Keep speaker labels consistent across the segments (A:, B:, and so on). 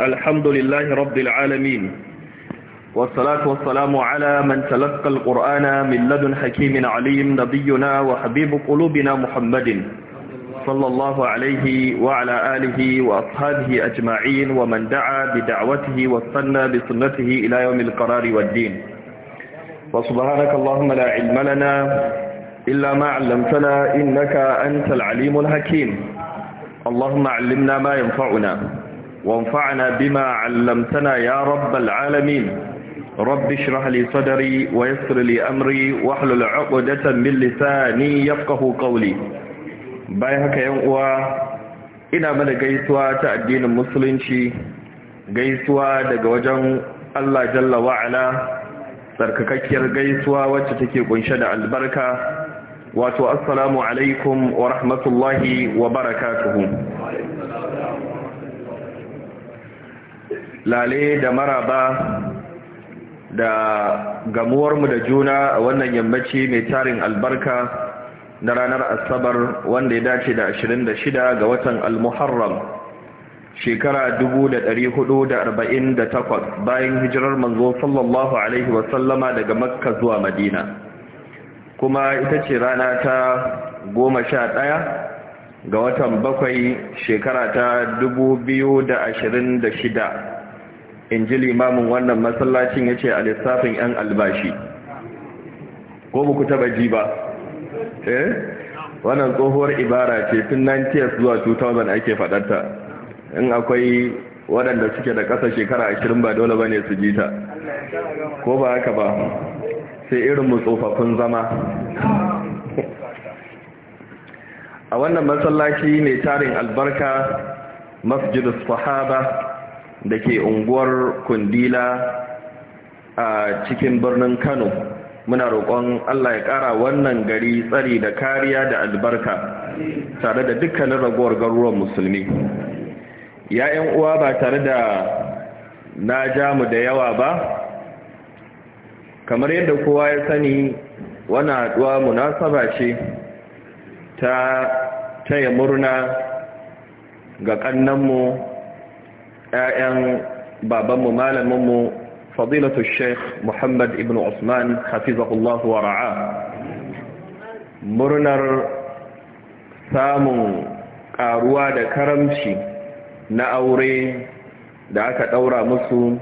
A: الحمد لله رب العالمين والصلاة والسلام على من تلقى القرآن من لدن حكيم عليم نبينا وحبيب قلوبنا محمد صلى الله عليه وعلى آله وأصحابه أجمعين ومن دعا بدعوته واستنى بسنته إلى يوم القرار والدين وسبحانك اللهم لا علم لنا إلا ما علمتنا إنك أنت العليم الحكيم اللهم علمنا ما ينفعنا وانفعنا بما علمتنا يا رب العالمين رب اشرح لي صدري ويسر لي أمري واحلل عقدة من لساني يفقه قولي بايهك ينقوى ina mana gaisuwa ta addinin musulunci gaisuwa daga wajen Allah jalla wa'ala tsarkakakkiyar gaisuwa wacce take kunshe da albarka wato assalamu alaikum wa rahmatullahi wa barakatuhu lale da maraba da gamuwarmu da juna a wannan yammaci mai tarin albarka na ranar asabar wanda ya dace da 26 ga watan al-muharram shekara 448 bayan hijirar manzo sallallahu alaihi wasallama daga makka zuwa madina kuma ita ce rana ta 11 ga watan bakwai shekara ta 2026 in ji limamin wannan masallacin ya ce a lissafin 'yan albashi ko ku taba ji ba eh wannan tsohuwar ibara ce tun 90s zuwa 2000 ake fadarta in akwai waɗanda suke da ƙasa shekara 20 ba dole ba ne su ji ta ko ba haka ba sai irin mu tsofaffin zama a wannan masallaci ne tarin albarka masjidus sahaba da ke unguwar kundila a cikin birnin kano muna roƙon allah ya ƙara wannan gari tsari da kariya da albarka tare da dukkanin ragowar garuruwan musulmi ya'yan uwa ba tare da na jamu da yawa ba kamar yadda kowa ya sani wani haɗuwa munasaba ce ta taya murna ga ƙannanmu 'ya'yan babanmu malaminmu fadilatu sheikh muhammad ibn usman hafizahullahu wa ra'a murnar samun karuwa da karamci na aure da aka daura musu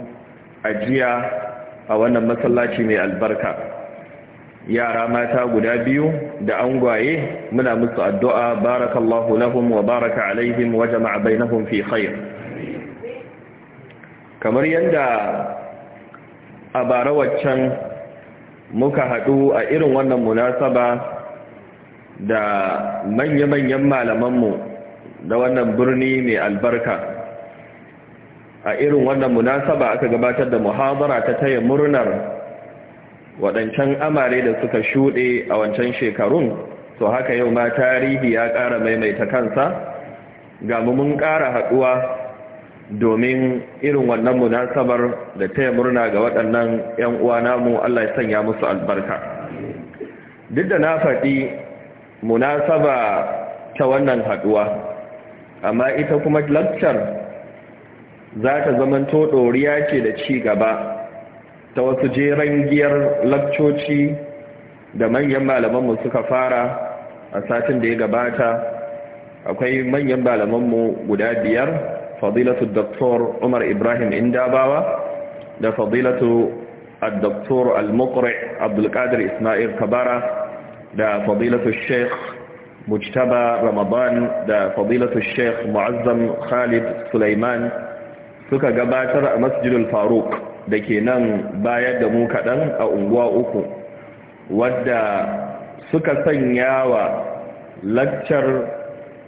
A: ajiya a wannan masallaci mai albarka yara mata guda biyu da angwaye muna musu addu'a barakallahu lahum wa baraka alaihim wa jama'a bainahum fi khair kamar yadda a bara waccan muka haɗu a irin wannan munasaba da manya-manyan malamanmu da wannan birni mai albarka a irin wannan munasaba aka gabatar da muhabara ta taya murnar waɗancan amare da suka shuɗe a wancan shekarun to haka yau ma tarihi ya ƙara maimaita kansa ga mun ƙara haɗuwa domin irin wannan munasabar da taya murna ga waɗannan 'yan uwa namu Allah ya sanya musu albarka duk da na faɗi munasaba ta wannan haɗuwa amma ita kuma lakcar za ta to ɗoriya ce da ci gaba ta wasu jeren giyar lakcoci da manyan malamanmu suka fara a satin da ya gabata akwai manyan malamanmu guda biyar fadilatu Dr. Umar Ibrahim Indabawa da fadilatu Dr. Al-Muqri Abdulkadir Ismail Kabara da fadilatu Sheikh Mujtaba Ramadan da fadilatu Sheikh Muazzam Khalid Sulaiman suka gabatar a Masjidul faruk da ke nan baya da mu kaɗan a unguwa uku wadda suka sanya wa lakcar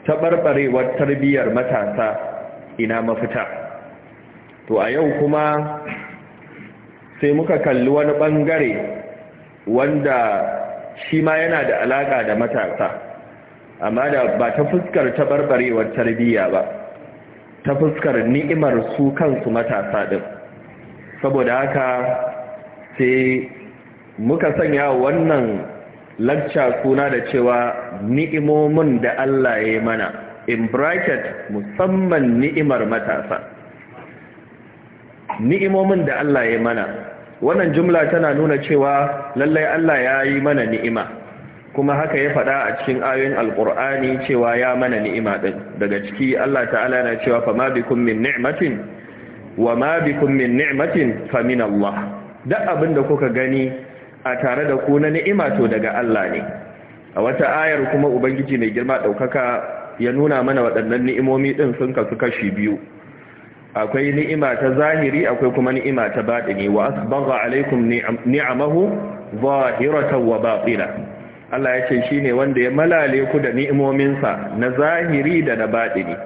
A: taɓarɓarewar tarbiyyar matasa ina mafita to a yau kuma sai muka kalli wani bangare wanda shi ma yana da alaka da matasa amma da ba ta fuskar tabarbarewar tarbiyya ba ta fuskar ni'imar su kansu matasa din saboda haka sai muka sanya wannan lacca suna da cewa ni'imomin da Allah ya mana in bracket musamman ni'imar matasa ni'imomin da Allah ya mana wannan jumla tana nuna cewa lallai Allah ya yi mana ni'ima kuma haka ya faɗa a cikin ayoyin alkur'ani cewa ya mana ni'ima din daga ciki Allah ta'ala yana cewa fa ma bikum min ni'matin wa ma bikum min ni'matin fa min Allah duk abin da kuka gani a tare da ku na ni'ima to daga Allah ne a wata ayar kuma ubangiji mai girma ɗaukaka ya nuna mana waɗannan ni'imomi ɗin sun kasu kashi biyu akwai ni'ima ta zahiri akwai kuma ni'ima ta baɗini wa asbagha alaikum ni'amahu zahiratan wa batina Allah ya ce shine wanda ya malale ku da ni'imominsa na zahiri da na baɗini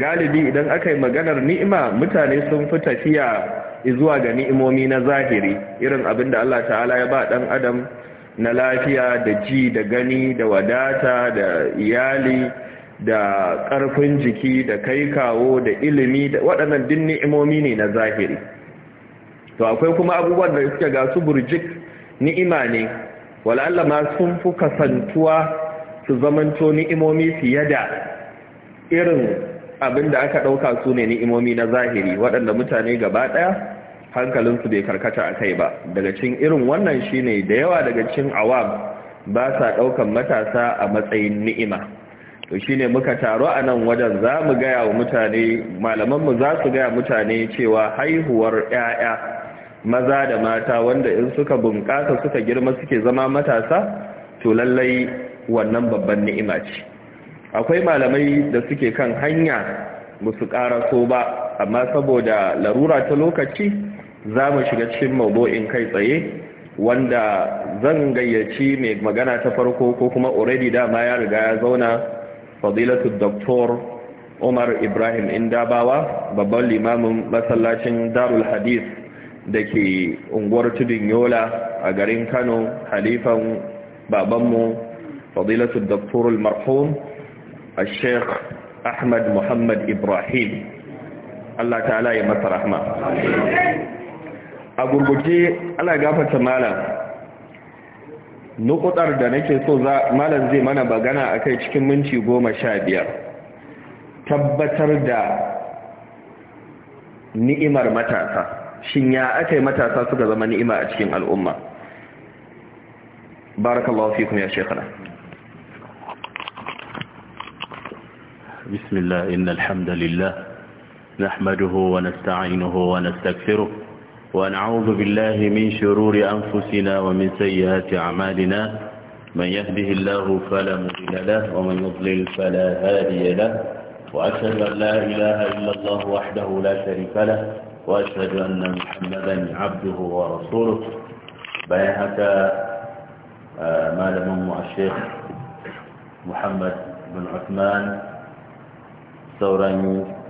A: galibi idan aka yi maganar ni'ima mutane sun fi tafiya zuwa ga ni'imomi na zahiri irin abin da Allah ta'ala ya ba ɗan adam na lafiya da ji da gani da wadata da iyali da ƙarfin jiki da kai kawo da ilimi da waɗannan din ni'imomi ne na zahiri to akwai kuma abubuwan da suke ga su burjik ni'ima ne wala'alla ma sun fi kasantuwa su zamanto ni'imomi fiye da irin abin da aka ɗauka su ne ni'imomi na zahiri waɗanda mutane gaba ɗaya hankalinsu bai karkata a kai ba daga cin irin wannan shine da yawa daga cin awam ba sa ɗaukan matasa a matsayin ni'ima to shine muka taro a nan wajen za mu gaya wa mutane malamanmu za su gaya mutane cewa haihuwar 'ya'ya maza da mata wanda in suka bunƙasa suka girma suke zama matasa to lallai wannan babban ni'ima ce akwai malamai da suke kan hanya musu so ba amma saboda larura ta lokaci za mu shiga cikin maudu'in kai tsaye wanda zan gayyaci mai magana ta farko ko kuma already dama ya riga ya zauna fadilatu doktor umar ibrahim indabawa babban limamin masallacin darul hadith da ke unguwar tudun yola a garin kano halifan babanmu fadilatu doktor marhum a sheikh ahmad muhammad ibrahim allah ta'ala ya masa rahma a gurguje ana gafata malam nukutar da nake so za malam zai mana bagana akai cikin minti 15 tabbatar da ni'imar matasa shin ya akai matasa suka zama ni'ima a cikin al'umma barakallahu fikum ya shekara bismillah innal hamdalillah nahmaduhu wa nasta'inuhu wa nastaghfiruh ونعوذ بالله من شرور أنفسنا ومن سيئات أعمالنا من يهده الله فلا مضل له ومن يضلل فلا هادي له وأشهد أن لا إله إلا الله وحده لا شريك له وأشهد أن محمدا عبده ورسوله بيهك آه، ما لم الشيخ محمد بن عثمان ثورا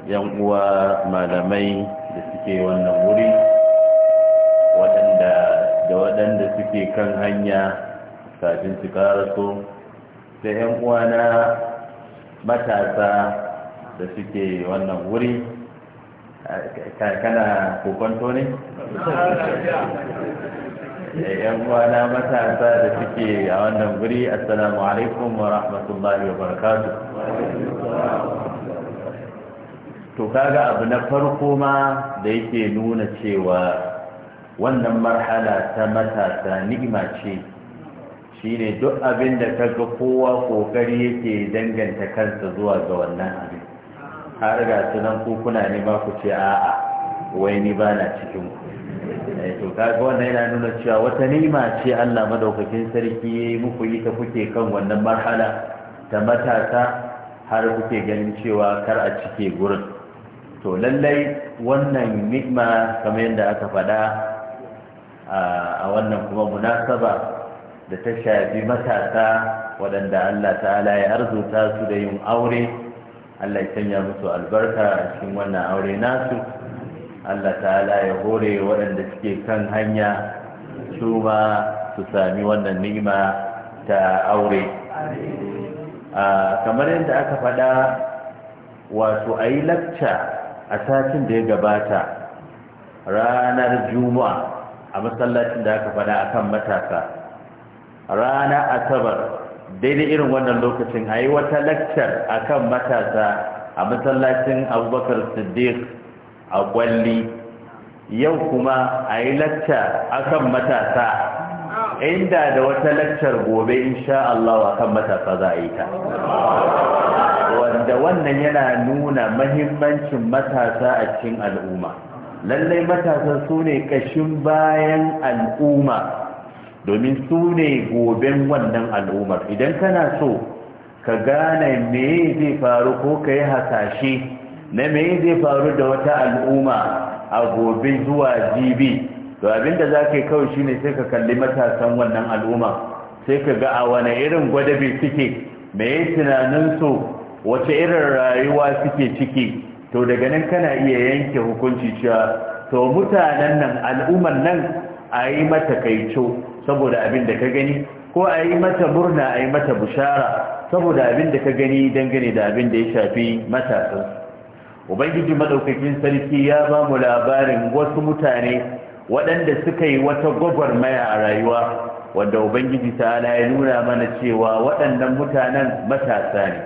A: ينقوى ما لمي لسكي والنموري da waɗanda suke kan hanya kafin su karaso da 'yan uwana matasa da suke wannan wuri kana kokonto ne?
B: Eh, yan uwana
A: matasa da suke a wannan wuri assalamu alaikum wa rahmatullahi wa barakatu to kaga abu na farko ma da yake nuna cewa wannan marhala ta matasa ni'ima ce shi ne duk abin da ta ga kowa kokari yake danganta kansa zuwa ga wannan abin har ga sunan ku ne ba ku ce a'a wai ni ba na cikin ku eh, to kaga wannan yana nuna cewa wata ni'ima ce Allah madaukakin sarki ya yi muku yi ta kuke kan wannan marhala ta matasa har kuke ganin cewa kar a cike gurin to lallai wannan ni'ima kamar yadda aka faɗa a wannan kuma munasaba da ta shafi matasa waɗanda Allah ta'ala ya arzuta su da yin aure Allah ya sanya musu albarka a cikin wannan aure nasu Allah ta'ala ya hore waɗanda suke kan hanya su ma su sami wannan ni'ima ta aure kamar yadda aka faɗa wato a yi lacca a satin da ya gabata ranar juma'a a masallacin da aka faɗa kan matasa rana asabar daidai irin wannan lokacin a yi wata lakcar a kan matasa a masallacin abubakar siddiq a kwalli yau kuma a yi lakca a kan matasa inda da wata lakcar gobe insha Allah kan matasa za a yi ta wanda wannan yana nuna mahimmancin matasa a cikin al'umma lallai matasan su ne kashin bayan al'umma domin su ne goben wannan al'ummar idan kana so ka gane me zai faru ko ka yi hasashe na me zai faru da wata al'umma a gobe zuwa jibi to abinda za ka yi kawai shi ne sai ka kalli matasan wannan al'umma sai ka ga a wane irin gwada bai suke me tunanin tunaninsu wace irin rayuwa suke ciki to daga nan kana iya yanke hukunci cewa to mutanen nan al'umman nan a yi mata kaico saboda abin da ka gani ko a yi mata murna a yi mata bushara saboda abin da ka gani dangane da abin da ya shafi matasa. ubangiji madaukakin sarki ya ba mu labarin wasu mutane waɗanda suka yi wata gwagwarmaya a rayuwa wanda ubangiji ta'ala ya nuna mana cewa waɗannan mutanen matasa ne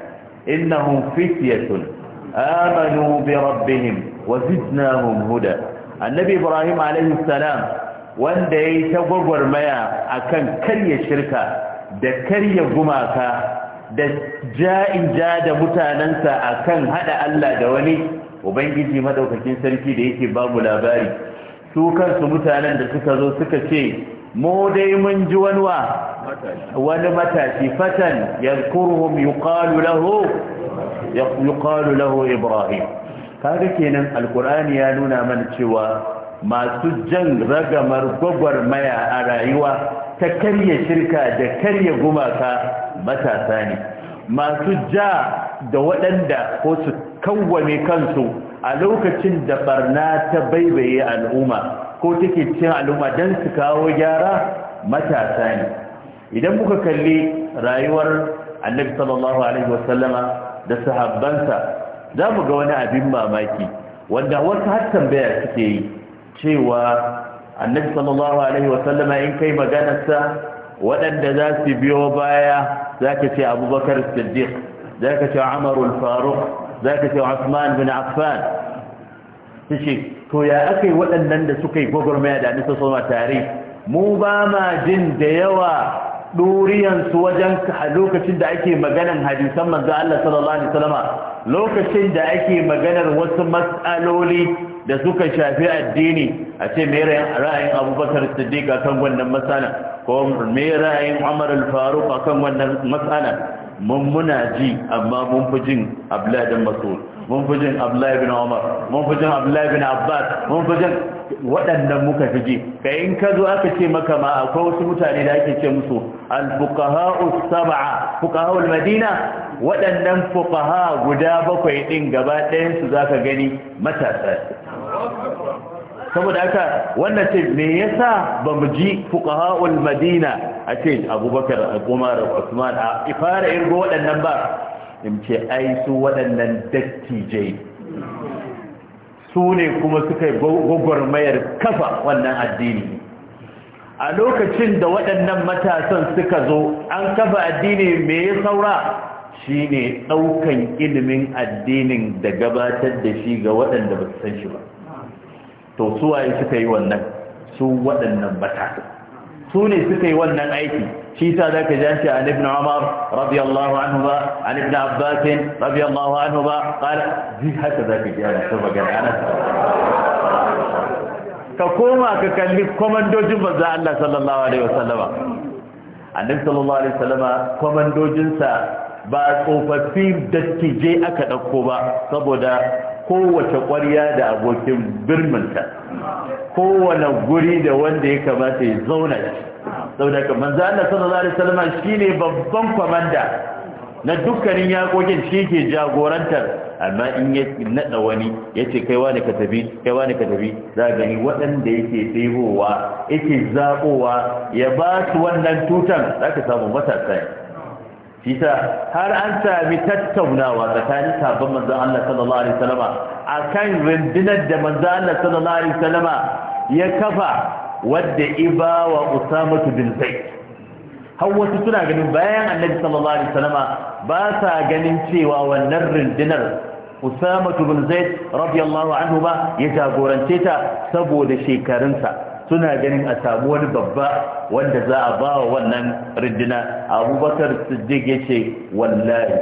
A: innahum fitiyatun amanu bi rabbihim wa zidnahum huda annabi ibrahim alaihi salam wanda yayi ta gwagwarmaya akan karya shirka da karya gumaka da ja'in ja da mutanensa akan haɗa Allah da wani ubangiji madaukakin sarki da yake babu labari su kansu mutanen da suka zo suka ce mu dai mun ji wani wa wani matashi fatan yadhkuruhum yuqalu lahu yuqalu lahu ibrahim kaga kenan alqur'ani ya nuna mana cewa masu jan ragamar gwagwarmaya a rayuwa ta karya shirka da karya gumaka matasa ne masu ja da waɗanda ko su kawwame kansu a lokacin da ɓarna ta baibaye al'umma ko take cin al'umma don su kawo gyara matasa ne idan muka kalli rayuwar annabi sallallahu alaihi wasallama da sahabbansa za mu ga wani abin mamaki wanda wasu har tambaya suke yi cewa annabi sallallahu alaihi wasallama in kai maganarsa waɗanda za su biyo baya za ka ce abubakar siddiq za ka ce amarul faruk za ka ce usman bin affan su ce to ya aka yi waɗannan da suka yi gwagwarmaya da annabi sallallahu tare mu ba ma jin da yawa ɗuriyansu wajen lokacin da ake maganar hadisan manzo Allah sallallahu alaihi wasallama lokacin da ake maganar wasu matsaloli da suka shafi addini a ce me ra'ayin Abubakar Siddiq akan wannan matsala ko me ra'ayin Umar al-Faruq akan wannan matsala mun muna ji amma mun fi jin Abdullah masul Mas'ud mun fi jin abdullahi bin umar mun fi jin abdullahi bin abbas mun fi jin waɗannan muka fi ji ka in ka zo aka ce maka ma akwai wasu mutane da ake ce musu al-fuqaha'u sab'a fuqaha'ul madina waɗannan fuqaha guda bakwai ɗin gaba ɗayan su zaka gani matasa saboda haka wannan ce me yasa ba mu ji fuqaha'ul madina a ce abubakar umar usman a ifara irgo waɗannan ba in ce ai su waɗannan dattijai su ne kuma suka yi gwagwarmayar kafa wannan addini a lokacin da waɗannan matasan suka zo an kafa addini me ya saura shi ne ɗaukan ilimin addinin da gabatar da shi ga waɗanda ba su san shi ba to suwaye suka yi wannan su waɗannan matasan su ne suka yi wannan aiki shi ta da ka janci an ibn umar radiyallahu anhu ba an ibn abbas radiyallahu anhu ba kar ji haka za ka ji ana ta magana ana ka koma ka kalli komandojin manzo Allah sallallahu alaihi wasallama annabi sallallahu alaihi wasallama komandojin sa ba tsofaffi da tije aka dauko ba saboda kowace ƙwarya da abokin birminta kowane guri da wanda ya kamata ya zauna shi saboda ka manzo Allah sallallahu alaihi wasallam shine babban komanda na dukkanin yakokin shi ke jagorantar amma in ya nada wani yace kai wani ka tabi kai wani ka tabi za ga ni waɗanda yake tsebowa yake zabowa ya ba su wannan tutan zaka samu matasa isa har an sami tattaunawa tsakanin sabon manzon Allah sallallahu alaihi wasallama akan rindinar da manzon Allah sallallahu alaihi wasallama ya kafa wadda ibawa usamatu bin zaid har wasu suna ganin bayan annabi sallallahu alaihi wasallama ba sa ganin cewa wannan rundunar usamatu bin zaid radiyallahu anhu ba ya jagorance ta saboda shekarunsa suna ganin a samu wani babba wanda za a ba wa wannan rindina abubakar siddiq ya ce wallahi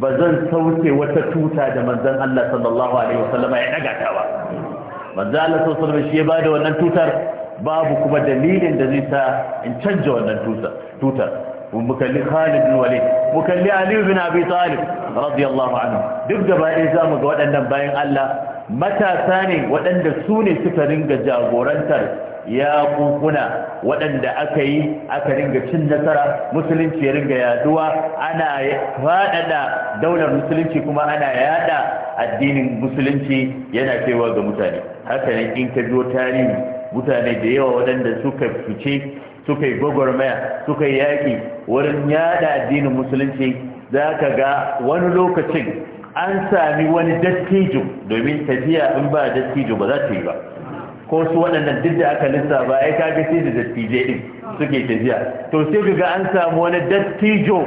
A: ba zan sauke wata tuta da manzan Allah sallallahu alaihi wasallam ya daga ta ba manzan Allah sallallahu alaihi wasallam shi ya bada wannan tutar babu kuma dalilin da zai sa in canja wannan tutar tutar mukalli Khalid bin Walid mukalli Ali bin Abi Talib radiyallahu anhu duk gaba ɗaya zamu ga waɗannan bayan Allah matasa ne waɗanda su ne suka ringa jagorantar ya kunkuna waɗanda aka yi aka ringa cin nasara musulunci ya ringa yaduwa ana faɗaɗa daular musulunci kuma ana yada addinin musulunci yana cewa ga mutane haka ne in ka biyo tarihi mutane da yawa waɗanda suka fice suka yi gwagwarmaya suka yi yaƙi wurin yada addinin musulunci za ka ga wani lokacin an sami wani dattijo domin tafiya in ba dattijo ba za ta yi ba ko su waɗannan duk da aka lissafa ai kaga sai da dattijai din suke tafiya to sai ga an samu wani dattijo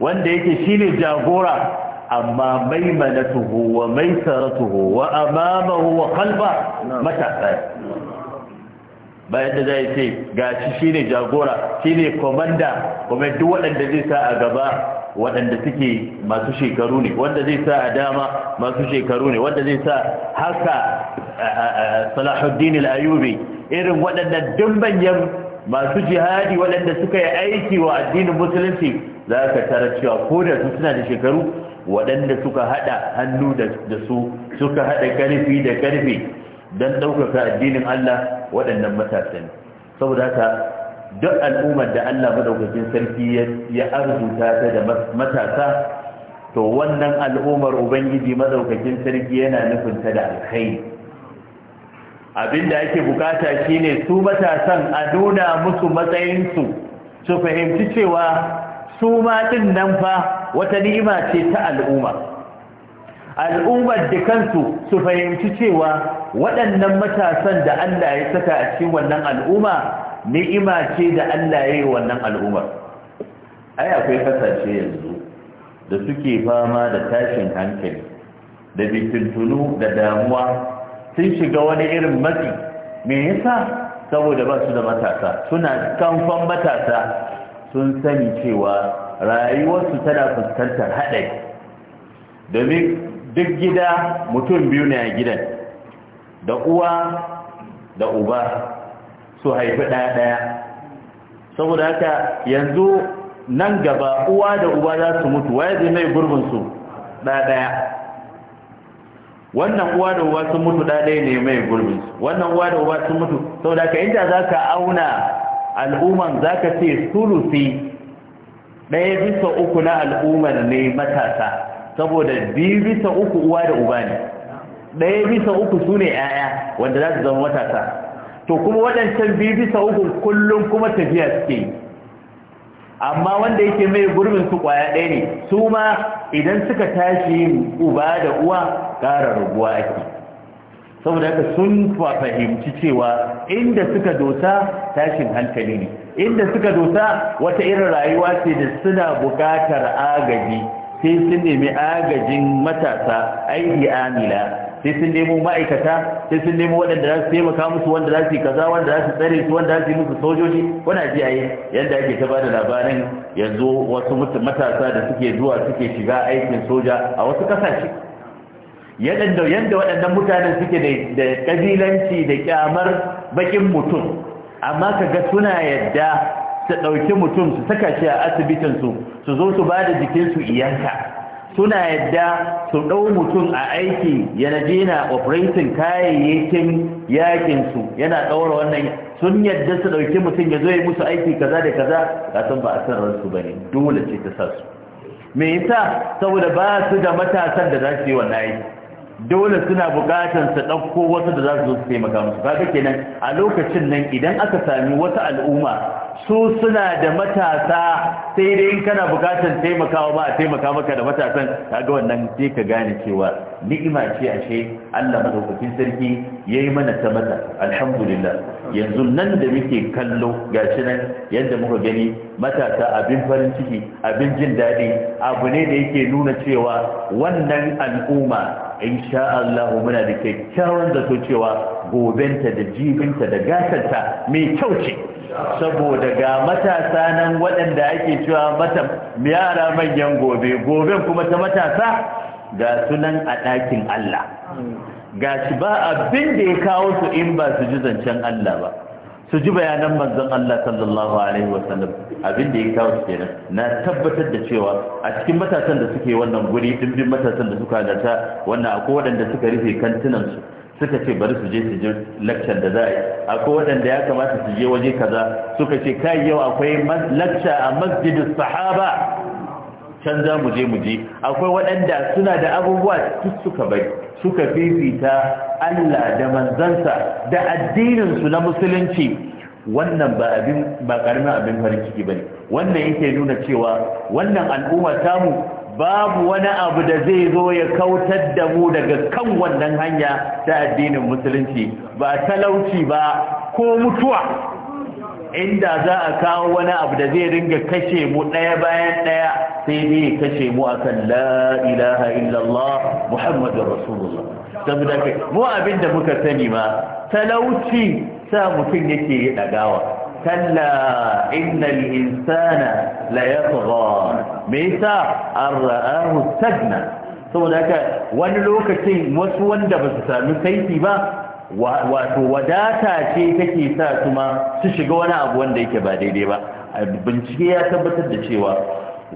A: wanda yake shine jagora amma maimanatuhu wa maisaratuhu wa amamahu wa qalba matasa bayan da zai ce gashi shine jagora shine komanda kuma duk waɗanda zai sa a gaba waɗanda suke masu shekaru ne wanda zai sa a dama masu shekaru ne wanda zai sa haka salahuddin al irin waɗannan dimbanyan masu jihadi waɗanda suka yi aiki wa addinin musulunci za ka tara cewa ko da su suna da shekaru waɗanda suka haɗa hannu da su suka haɗa ƙarfi da ƙarfi don ɗaukaka addinin Allah waɗannan matasan. saboda haka duk al'ummar da Allah madaukakin sarki ya arzuta ta da matasa to wannan al'ummar ubangiji madaukakin sarki yana nufin ta da alkhairi abinda ake bukata shine su matasan a nuna musu matsayinsu su fahimci cewa su ma din nan fa wata ni'ima ce ta al'umma al'ummar da kansu su fahimci cewa waɗannan matasan da Allah ya saka a cikin wannan al'umma ni'ima ce da Allah ya yi wannan al'ummar ai akwai kasashe yanzu da suke fama da tashin hankali da bituntunu da damuwa sun shiga wani irin matsi me yasa saboda ba su da matasa suna kamfan matasa sun sani cewa rayuwarsu tana fuskantar haɗari domin duk gida mutum biyu ne a gidan da uwa da uba su haifi ɗaya ɗaya saboda haka yanzu nan gaba uwa da uba za su mutu waye zai mai gurbinsu ɗaya ɗaya wannan uwa da uba sun mutu ɗaya ne mai gurbinsu wannan uwa da uba sun mutu saboda haka inda za ka auna al'umman za ka ce sulusi ɗaya bisa uku na al'ummar ne matasa saboda biyu bisa uku uwa da uba ne ɗaya bisa uku su ne 'ya'ya wanda za su zama matasa to kuma waɗancan biyu bisa uku kullum kuma tafiya suke amma wanda yake mai gurbin su ƙwaya ɗaya ne su ma idan suka tashi uba da uwa ƙara rabuwa ake saboda haka sun fahimci cewa inda suka dosa tashin hankali ne inda suka dosa wata irin rayuwa ce da suna buƙatar agaji sai sun nemi agajin matasa aiki amila sai sun nemo ma'aikata sai sun nemo waɗanda za su taimaka musu wanda za su yi kaza wanda za su tsare su wanda za su yi musu sojoji wani ji a yi yadda ake ta bada labarin yanzu wasu matasa da suke zuwa suke shiga aikin soja a wasu ƙasashe yadda waɗannan mutanen suke da ƙabilanci da ƙyamar baƙin mutum amma kaga suna yadda su ɗauki mutum su saka shi a asibitinsu su zo su ba da jikinsu iyanka suna yadda su ɗau mutum a aiki yana jina operating kayayyakin yakinsu yana ɗaura wannan sun yadda su ɗauki mutum ya zo ya musu aiki kaza da kaza ga san ba a san ransu ba ne dole ce ta sa su me yasa saboda ba su da matasan da za su yi wannan aiki dole suna bukatan su ɗauko wasu da za su zo su taimaka musu kaga kenan a lokacin nan idan aka sami wata al'umma su suna da matasa sai dai kana bukatar taimakawa ba a taimaka maka da matasan kaga wannan sai ka gane cewa ni'ima ce ashe Allah madaukakin sarki ya yi mana ta mata alhamdulillah yanzu nan da muke kallo gashi nan yadda muka gani matasa abin farin ciki abin jin daɗi abu ne da yake nuna cewa wannan al'umma insha Allah muna da kyakkyawan zato cewa gobenta da jibinta da gasarta mai kyau ce saboda ga matasa nan waɗanda ake cewa mata yara manyan gobe goben kuma ta matasa ga sunan a ɗakin Allah ga shi ba abin da ya kawo su in ba su ji zancen Allah ba su ji bayanan manzon Allah sallallahu alaihi sallam abin da ya kawo su kenan na tabbatar da cewa a cikin matasan da suke wannan guri dimbin matasan da suka halarta wannan akwai waɗanda suka rufe kantunan su suka ce bari su je su je lakcar da za a yi akwai waɗanda ya kamata su je waje kaza suka ce kai yau akwai lakca a masjidin sahaba can za mu je mu je akwai waɗanda suna da abubuwa duk suka bai suka fifita Allah da manzansa da addininsu na musulunci wannan ba abin ba karamin abin farin ciki bane wannan yake nuna cewa wannan al'umma tamu babu wani abu da zai zo ya kautar da mu daga kan wannan hanya ta addinin musulunci ba talauci ba ko mutuwa inda za a kawo wani abu da zai ringa kashe mu ɗaya bayan ɗaya sai dai kashe mu akan la ilaha illallah muhammadur rasulullah saboda kai mu abinda muka sani ma talauci sa mutum yake yi ɗagawa. كلا إن الإنسان ليطغى ميسا الرآه استجنى saboda wani lokacin wasu wanda ba su sami saiti ba wato wadata ce take sa ma su shiga wani abu wanda yake ba daidai ba bincike ya tabbatar da cewa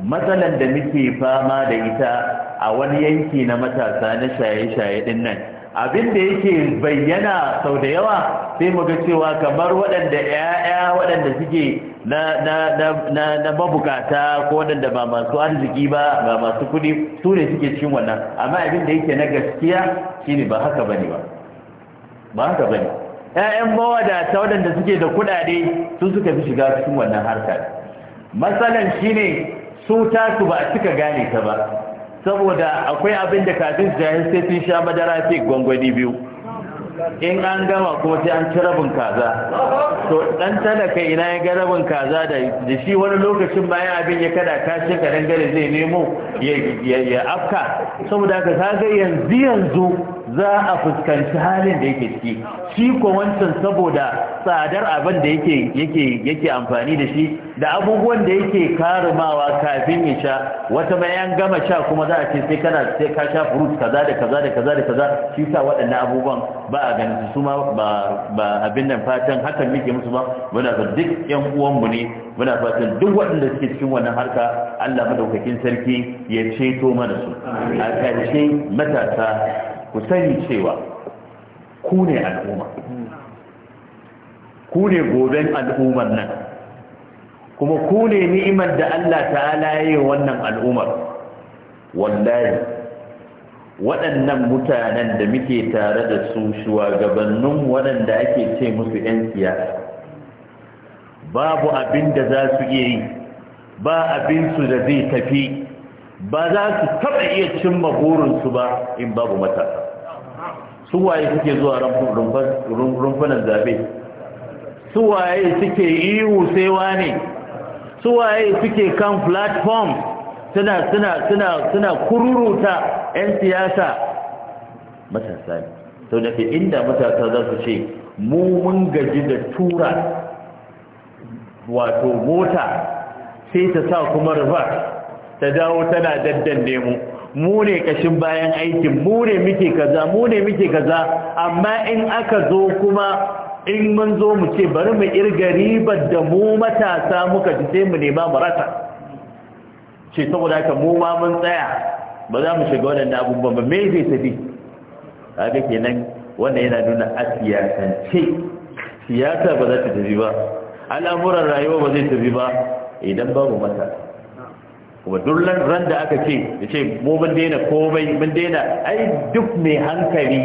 A: matsalan da muke fama da ita a wani yanki na matasa na shaye-shaye din nan abin da yake bayyana sau da yawa sai mu ga cewa kamar waɗanda ‘ya'ya waɗanda suke na mabukata ko waɗanda ba masu arziki ba ba masu kuɗi su ne suke cikin wannan amma abin da yake na gaskiya shine ba haka bane ba ba haka bane ‘ya'yan mawadata waɗanda suke da kuɗaɗe su suka fi shiga cikin wannan harkar matsalan shine su tasu ba suka gane ta ba saboda akwai abin da kafin jahil sai sun sha madara sai gwangwani biyu in an gama kuma sai an ci rabin kaza to dan talaka ina ya ga rabin kaza da shi wani lokacin bayan abin ya kada ta shi ka dangare zai nemo ya afka saboda haka ga yanzu yanzu za a fuskanci halin da yake ciki shi ko wancan saboda tsadar abin da yake yake yake amfani da shi da abubuwan da yake karumawa kafin ya sha wata bayan gama sha kuma za a ce sai kana sai ka sha fruit kaza da kaza da kaza da kaza shi sa waɗannan abubuwan ba a ganin su ma ba abin nan fatan hakan muke musu ba muna ga duk ƴan uwan mu ne muna fatan duk waɗanda suke cikin wannan harka Allah madaukakin sarki ya ceto mana su a ƙarshe matasa ku sani cewa ku ne al'umma ku ne goben al'ummar nan kuma ku ne ni'imar da Allah ta'ala ya yi wannan al'ummar wallahi waɗannan mutanen da muke tare da su shugabannin waɗanda ake ce musu 'yan siyasa babu abin da za su iya yi ba abin su da zai tafi ba za su taɓa iya cimma burinsu ba in babu matasa su waye suke zuwa rumfunan zabe su waye suke ihu sai wane su waye suke kan platform suna suna suna suna kururuta 'yan siyasa matasa ne sau da ke inda matasa za su ce mu gaji da tura wato mota sai ta sa kuma reverse ta dawo tana daddanne mu mu ne kashin bayan aikin mu ne muke kaza mu ne muke kaza amma in aka zo kuma in mun zo mu ce bari mu irga ribar da mu matasa muka ci sai mu nema marata ce saboda haka mu ma mun tsaya ba za mu shiga wannan abubuwan ba me zai tafi kaga kenan wannan yana nuna a siyasance siyasa ba za ta tafi ba al'amuran rayuwa ba zai tafi ba idan babu matasa kuma dullan ran da aka ce ya ce mu mun daina komai mun daina ai duk mai hankali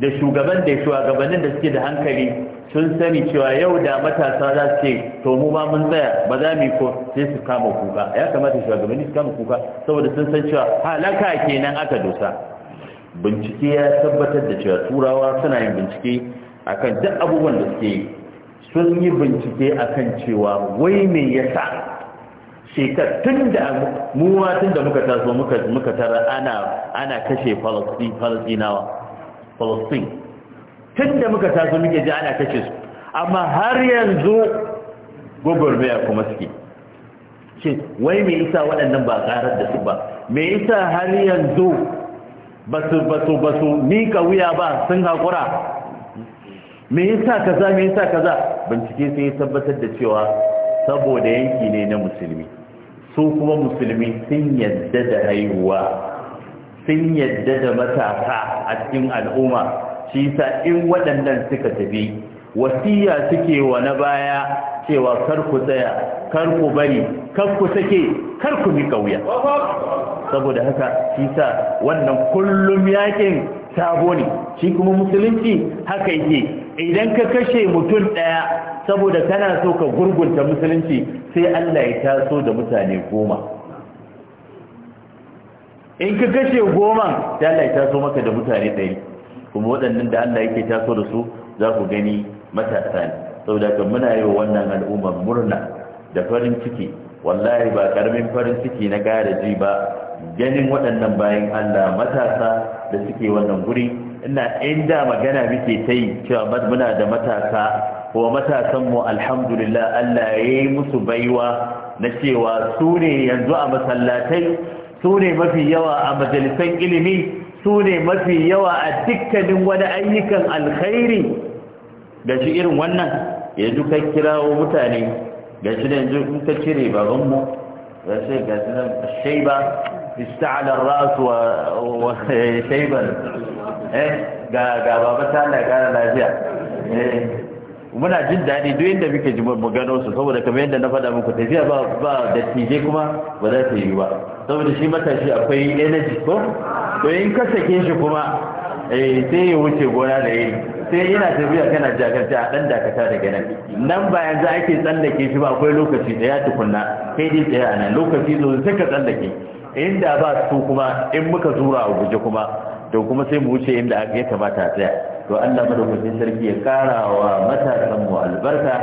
A: da shugaban da shugabannin da suke da hankali sun sani cewa yau da matasa za su ce to mu ba mun tsaya ba za mu ko sai su kama kuka ya kamata shugabanni su kama kuka saboda sun san cewa halaka kenan aka dosa bincike ya tabbatar da cewa turawa suna yin bincike akan duk abubuwan da suke sun yi bincike akan cewa wai me yasa shekar tun da muwa tun da muka taso muka tara ana kashe falasinawa falasin tun da muka taso muke ji ana kashe su amma har yanzu gwagwarmaya kuma suke ce wai mai isa waɗannan ba ƙarar da su ba mai isa har yanzu basu-basu-basu ni ba wuya ba sun haƙura mai isa kaza mai isa kaza bincike sai tabbatar da cewa saboda yanki ne na musulmi su kuma musulmi sun yadda da haihuwa sun yadda da matasa a cikin al'umma shi sa in waɗannan suka tafi wasiya suke wa na baya cewa kar ku tsaya kar ku bari kar ku sake kar ku mi ƙauya.
B: saboda haka
A: shi sa wannan kullum yakin sabo ne shi kuma musulunci haka yake idan ka kashe mutum ɗaya saboda kana so ka gurgunta musulunci sai Allah ya taso da mutane goma in ka kashe goma sai Allah ya taso maka da mutane ɗari kuma waɗannan da Allah yake taso da su za ku gani matasa ne saboda kan muna yi wa wannan al'ummar murna da farin ciki wallahi ba karamin farin ciki na gara ji ba ganin waɗannan bayan Allah matasa da suke wannan guri ina inda magana muke ta yi cewa muna da matasa wa matasanmu alhamdulillah Allah ya yi musu baiwa na cewa su ne yanzu a masallatai su ne mafi yawa a majalisan ilimi su ne mafi yawa a dukkanin wani ayyukan alkhairi ga shi irin wannan yanzu ka kirawo mutane ga shi yanzu in ka cire babanmu ga shi ga shi nan shaiba ista'ala ras wa shaiban eh ga ga baba ta Allah ya kara lafiya eh muna jin daɗi duk inda muke ji mu gano su saboda kamar yadda na faɗa muku tafiya ba ba dattijai kuma ba za ta yi ba saboda shi matashi akwai energy ko to in ka sake shi kuma eh sai ya wuce gona da yi sai yana tafiya kana jakarta a ɗan dakata daga nan nan ba yanzu ake tsallake shi ba akwai lokaci da ya tukunna kai dai tsaya a nan lokaci zo sai ka tsallake inda ba su kuma in muka zura a guje kuma to kuma sai mu wuce inda ya kamata a tsaya to Allah madaukakin sarki ya kara wa matasan mu albarka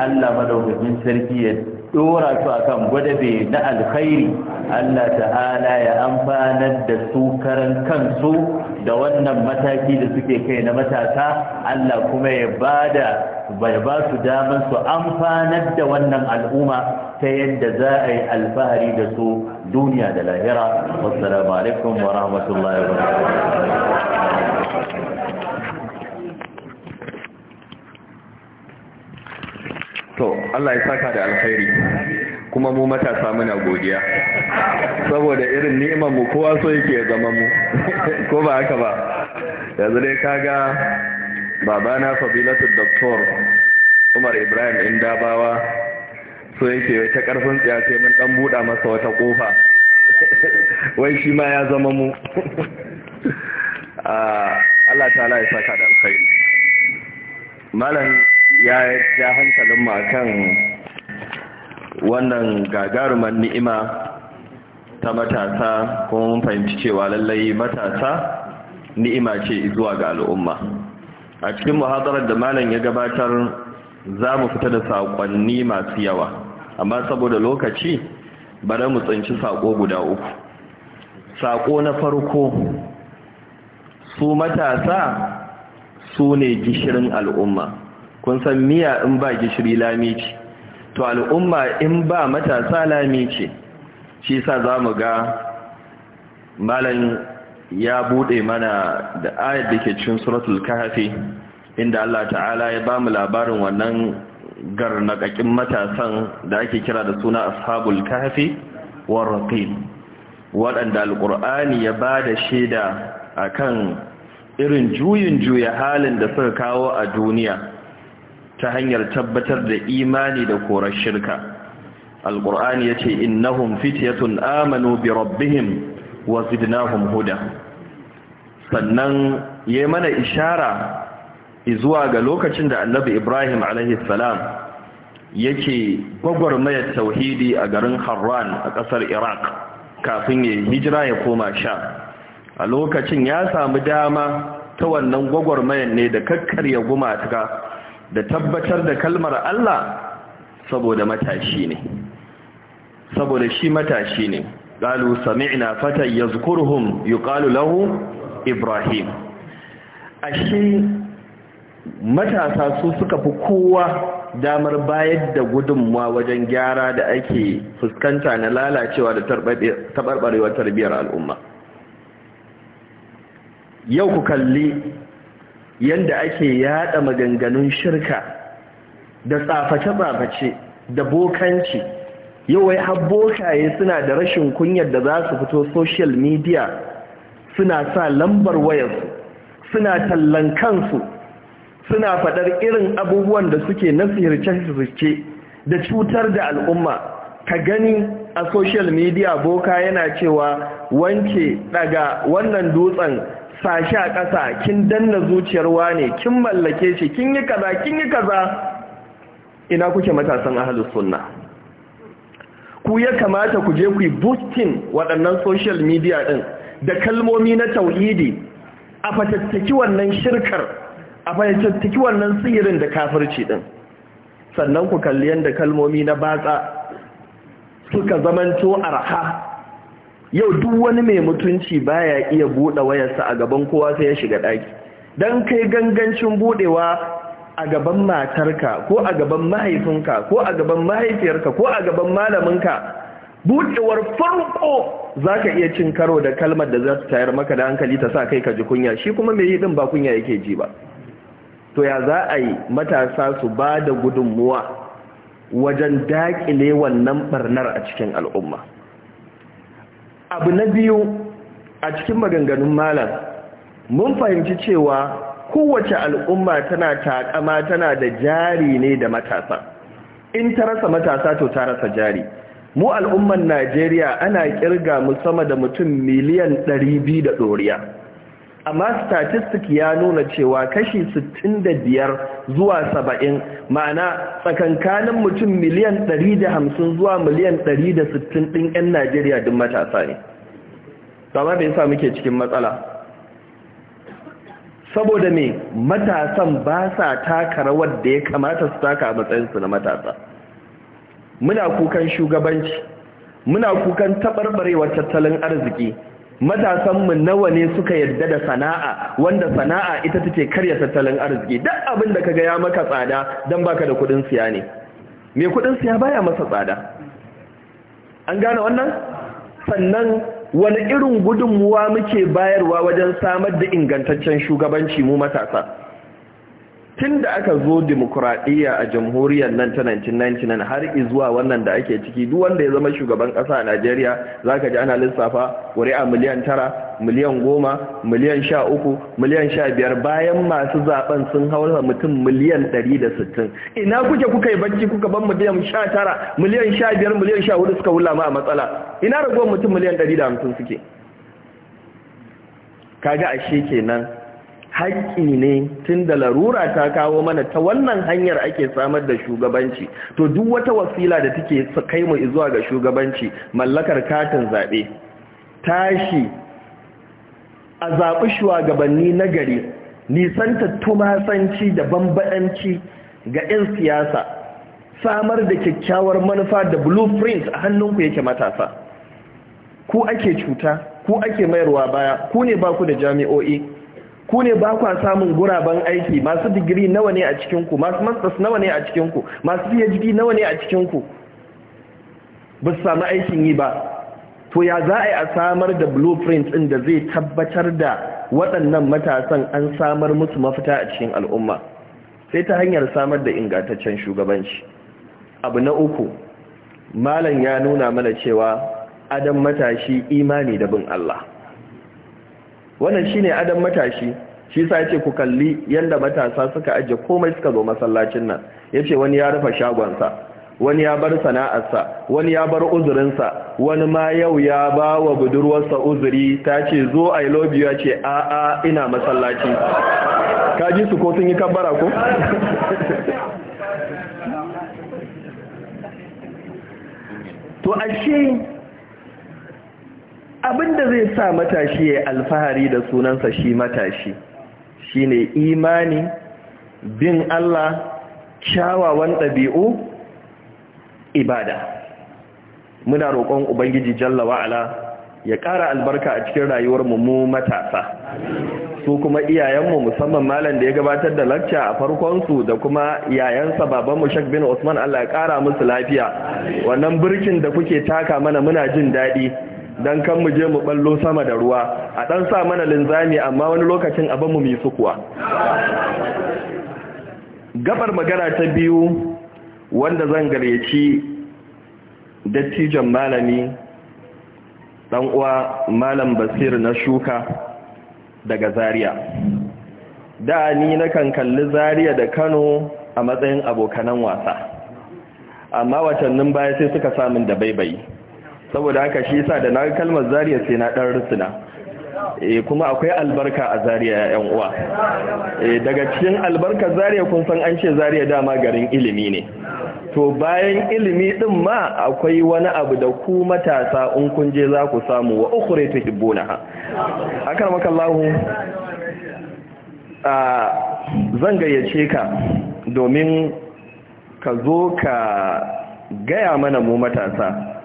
A: Allah madaukakin sarki ya dora su akan gwadabe na alkhairi Allah ta'ala ya amfanar da su karan kansu da wannan mataki da suke kai na matasa Allah kuma ya bada bai ba su daman su amfanar da wannan al'umma ta yadda za a yi alfahari da su duniya da lahira wassalamu alaikum wa rahmatullahi wa barakatuh to Allah ya saka da alkhairi kuma mu matasa muna godiya saboda irin ni'imar mu kowa so yake ya zama mu ko ba haka ba yanzu dai kaga babana fabilatu doktor Umar Ibrahim Indabawa so yake ta karfin tsiya sai mun dan buɗa masa wata kofa
B: wai shi ma
A: ya zama mu ah, Allah ta'ala ya saka da alkhairi malam ya ja hankalin mu akan wannan gagaruman ni'ima ta matasa kuma mun fahimci cewa lallai matasa ni'ima ce zuwa ga al'umma a cikin muhazarar da malam ya gabatar za mu fita da saƙonni masu yawa amma saboda lokaci bari mu tsinci saƙo guda uku saƙo na farko su matasa su ne gishirin al'umma kun san miya in ba gishiri lami ce to al'umma in ba matasa lami ce shi sa za mu ga malam ya bude mana da ayat da ke cikin suratul kahafi inda Allah ta'ala ya ba mu labarin wannan garnakakin matasan da ake kira da suna ashabul kahafi wa raqib waɗanda alqur'ani ya ba da shaida akan irin juyin juya halin da suka kawo a duniya ta hanyar tabbatar da imani da korar shirka alqur'ani yace innahum fityatun amanu bi rabbihim wa zidnahum huda sannan yayi mana ishara zuwa ga lokacin da annabi ibrahim alaihi salam yake gwagwarmayar tauhidi a garin harran a ƙasar iraq kafin ya hijira ya koma sha a lokacin ya samu dama ta wannan gwagwarmayar ne da kakkar ya gumata. da tabbatar da kalmar Allah saboda matashi ne saboda shi matashi ne qalu sami'na fatan yazkuruhum yuqalu lahu ibrahim ashi matasa su suka fi kowa damar bayar da gudunmuwa wajen gyara da ake fuskanta na lalacewa da tabarbarewa tarbiyyar al'umma yau ku kalli yanda ake yada maganganun shirka da tsaface-tsaface da bokanci yawai har bokaye suna da rashin kunyar da za su fito social media suna sa lambar wayarsu suna tallan kansu suna faɗar irin abubuwan da suke na sirce-sirce da cutar da al'umma ka gani a social media boka yana cewa wance daga wannan dutsen sashi a ƙasa kin danna zuciyar wane kin mallake shi kin yi kaza kin yi kaza ina kuke matasan ahlus sunna ku ya kamata ku je ku yi boosting waɗannan social media ɗin da kalmomi na tauhidi a fatattaki wannan shirkar a fatattaki wannan tsirin da kafirci ɗin sannan ku kalli yadda kalmomi na batsa suka zamanto arha yau duk wani mai mutunci baya iya buɗe wayarsa a gaban kowa sai ya shiga ɗaki dan kai gangancin buɗewa a gaban matarka ko a gaban mahaifinka ko a gaban mahaifiyarka ko a gaban malaminka buɗewar farko zaka iya cin karo da kalmar da za ta tayar maka da hankali ta sa kai ka ji kunya shi kuma mai yi ɗin ba kunya yake ji ba to ya za a yi matasa su ba da gudunmuwa wajen daƙile wannan ɓarnar a cikin al'umma abu na biyu a cikin maganganun malam mun fahimci cewa kowace al'umma tana takama tana da jari ne da matasa in ta rasa matasa to ta rasa jari mu al'umman najeriya ana kirga mu sama da mutum miliyan ɗari biyu da ɗoriya amma statistik ya nuna cewa kashi 65 zuwa 70 ma'ana tsakankanin mutum miliyan 150 zuwa miliyan 160 ɗin 'yan najeriya duk matasa ne sama da yasa muke cikin matsala saboda mai matasan ba sa taka rawar da ya kamata su taka a matsayinsu na matasa muna kukan shugabanci muna kukan taɓarɓarewar tattalin arziki matasanmu nawa ne suka yarda da sana'a wanda sana'a ita take karya tattalin arziki duk abin da kaga ya maka tsada dan baka da kudin siya ne me kudin siya baya masa tsada
C: an gane wannan sannan wani irin
A: gudunmuwa muke bayarwa wajen samar da ingantaccen shugabanci mu matasa tun da aka zo demokuraɗiyya a jamhuriyar nan ta 1999 har zuwa wannan da ake ciki duk wanda ya zama shugaban ƙasa a najeriya za ka ji ana lissafa ƙuri'a miliyan tara miliyan goma miliyan sha uku miliyan sha biyar bayan masu zaben sun haura mutum miliyan ɗari da sittin ina kuke kuka yi bacci kuka ban miliyan sha tara miliyan sha biyar miliyan sha hudu suka wula ma a matsala ina ragowar mutum miliyan ɗari da hamsin suke kaga ashe kenan haƙƙi ne tun da larura ta kawo mana ta wannan hanyar ake samar da shugabanci to duk wata wasila da take kai mu zuwa ga shugabanci mallakar katin zaɓe tashi a zaɓi shugabanni na gari nisanta tumasanci da bambaɗanci ga 'yan siyasa samar da kyakkyawar manufa da blueprint a hannunku yake matasa ku ake cuta ku ake mayarwa baya ku ne ba ku da jami'o'i ku ne ba kwa samun guraben aiki masu digiri nawa ne a cikinku masu masters nawa ne a cikinku masu phd nawa ne a cikinku ba su samu aikin yi ba to ya za a yi a samar da blueprint ɗin da zai tabbatar da waɗannan matasan an samar musu mafita a cikin al'umma sai ta hanyar samar da ingantaccen shugabanci abu na uku malam ya nuna mana cewa adam matashi imani da bin Allah wannan shine adam matashi shi sa yace ku kalli yadda matasa suka ajiye komai suka zo masallacin nan yace wani ya rufe shagonsa wani ya bar sana'arsa wani ya bar uzurinsa wani ma yau ya ba wa budurwarsa uzuri ta ce zo i love you ya ce a a ina masallaci ka ji su ko sun yi kabbara ko to ashe abinda zai sa matashi ya alfahari da sunansa shi matashi shi ne imani bin Allah kyawawan ɗabi'u ibada muna roƙon ubangiji jalla wa'ala ya ƙara albarka a cikin rayuwar mu matasa su kuma iyayenmu musamman malam da ya gabatar da lakca a farkonsu da kuma yayansa babanmu shak bin usman allah ya ƙara musu lafiya wannan birkin da kuke taka mana muna jin daɗi Dan kan mu je mu ballo sama da ruwa a dan sa mana linzami amma wani lokacin abin mu mai sukuwa gabar magana ta biyu wanda zan gareci dattijan malami 'dan uwa malam basir na shuka daga zaria da ni na kan kalli zaria da kano a matsayin abokanan wasa amma watannin baya sai suka samun da baibayi saboda haka shi yasa da na kalmar zariya sai na dan rusuna eh kuma akwai albarka a zariya yan uwa eh daga cikin albarka zariya kun san an ce zariya dama garin ilimi ne to bayan ilimi din ma akwai wani abu da ku matasa in kun je za ku samu wa ukhra tuhibbunaha
B: akarmakallahu
A: a zan gayyace ka domin ka zo ka gaya mana mu matasa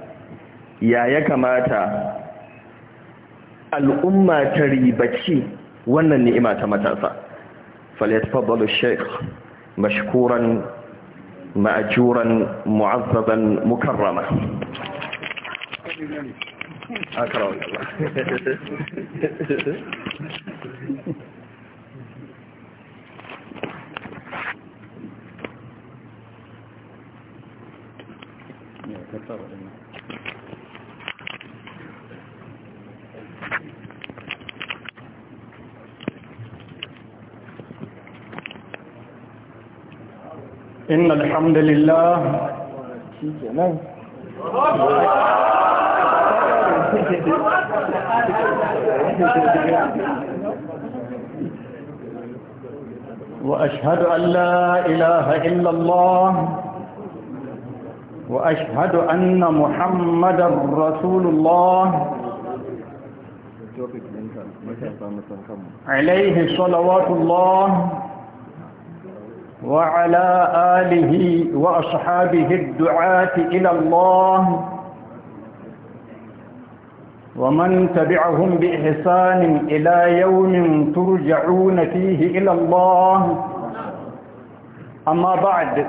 A: ya ya kamata al'umma ta ribaci wannan ni'ima ta matasa falyatfaddalu sheikh mashkuran ma'ajuran mu'azzaban mukarrama أكرمك إن الحمد لله وأشهد أن لا إله إلا الله وأشهد أن محمدا رسول الله
B: عليه صلوات
A: الله وعلى آله وأصحابه الدعاة إلى الله ومن تبعهم بإحسان إلى يوم ترجعون فيه إلى الله أما بعد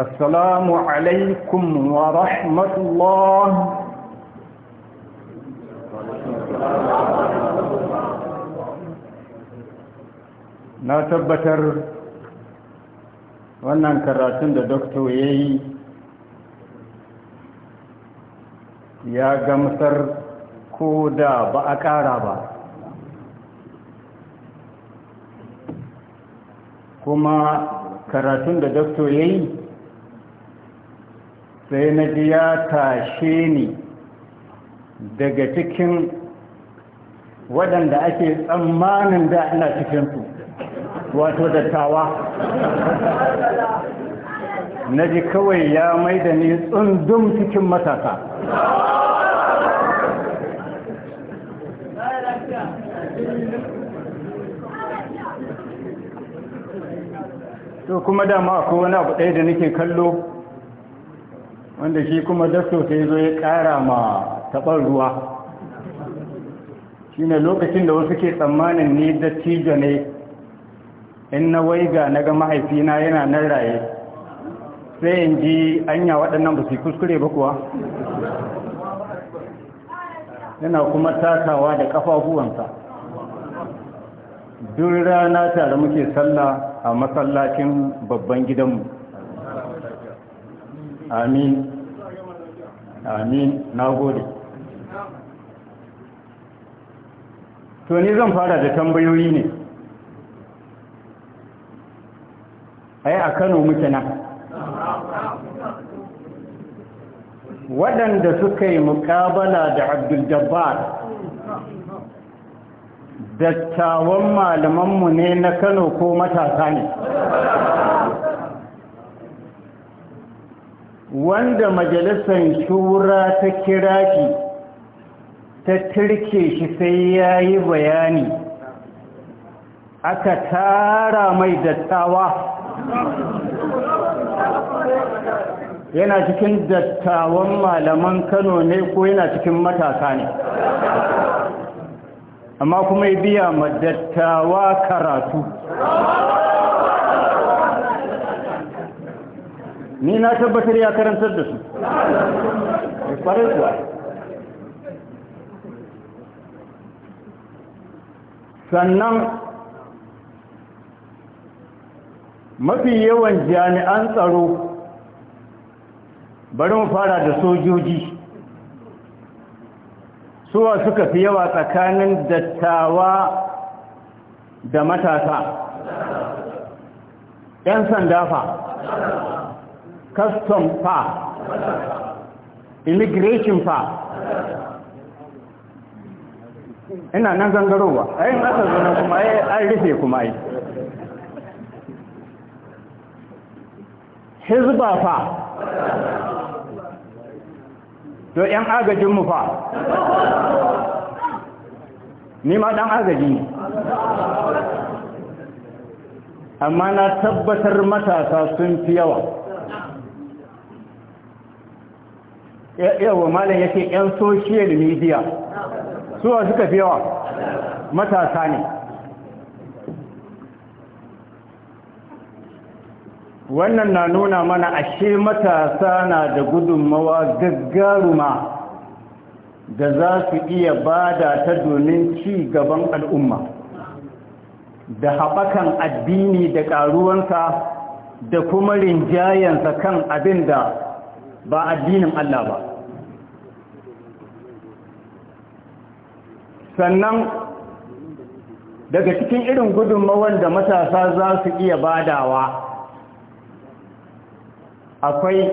A: السلام عليكم ورحمة الله na tabbatar wannan karatun da doktor ya yi ya gamsar ko da ba a ƙara ba kuma karatun da doktor ya yi sai na ji ya tashe ni daga cikin waɗanda ake tsammanin da ina cikin wato dattawa
B: na ji kawai ya mai
A: da ni tsundum cikin matasa to kuma dama akwai wani abu ɗaya da nake kallo wanda shi kuma dasto sai zo ya ƙara ma taɓar ruwa shi ne lokacin da wasu ke tsammanin ni dattijo ne in na waiga na ga mahaifina yana nan raye sai in ji anya waɗannan ba su kuskure ba kuwa
B: yana kuma takawa da
A: ƙafafuwansa duk rana tare muke salla a masallacin babban gidanmu amin amin na gode to ni zan fara da tambayoyi ne ai a Kano muke nan waɗanda suka yi mukabala da Abdul Jabbar dattawan malamanmu ne na Kano ko matasa ne wanda majalisar shura ta kira shi ta turke shi sai ya yi bayani aka tara mai dattawa yana cikin dattawan malaman kano ne ko yana cikin matasa ne amma kuma ya biya ma dattawa karatu ni na tabbatar ya karantar da su sannan mafi yawan jami'an tsaro bari mu fara da sojoji suwa suka fi yawa tsakanin dattawa da matasa ‘yan sanda fa custom fa immigration fa ina nan gangarowa ayin aka zo kuma ai an rufe kuma ai hizba fa to yan agajinmu fa ni ma dan agaji
B: amma na tabbatar matasa sun fi yawa
A: yawa malam yake yan social media suwa suka fi yawa matasa ne wannan na nuna mana ashe matasa na da gudunmawa gaggaruma da za su iya bada ta domin ci gaban al'umma da haɓakan addini da ƙaruwansa da kuma rinjayensa kan abin da ba addinin Allah ba sannan daga cikin irin gudunmawar da matasa za su iya badawa akwai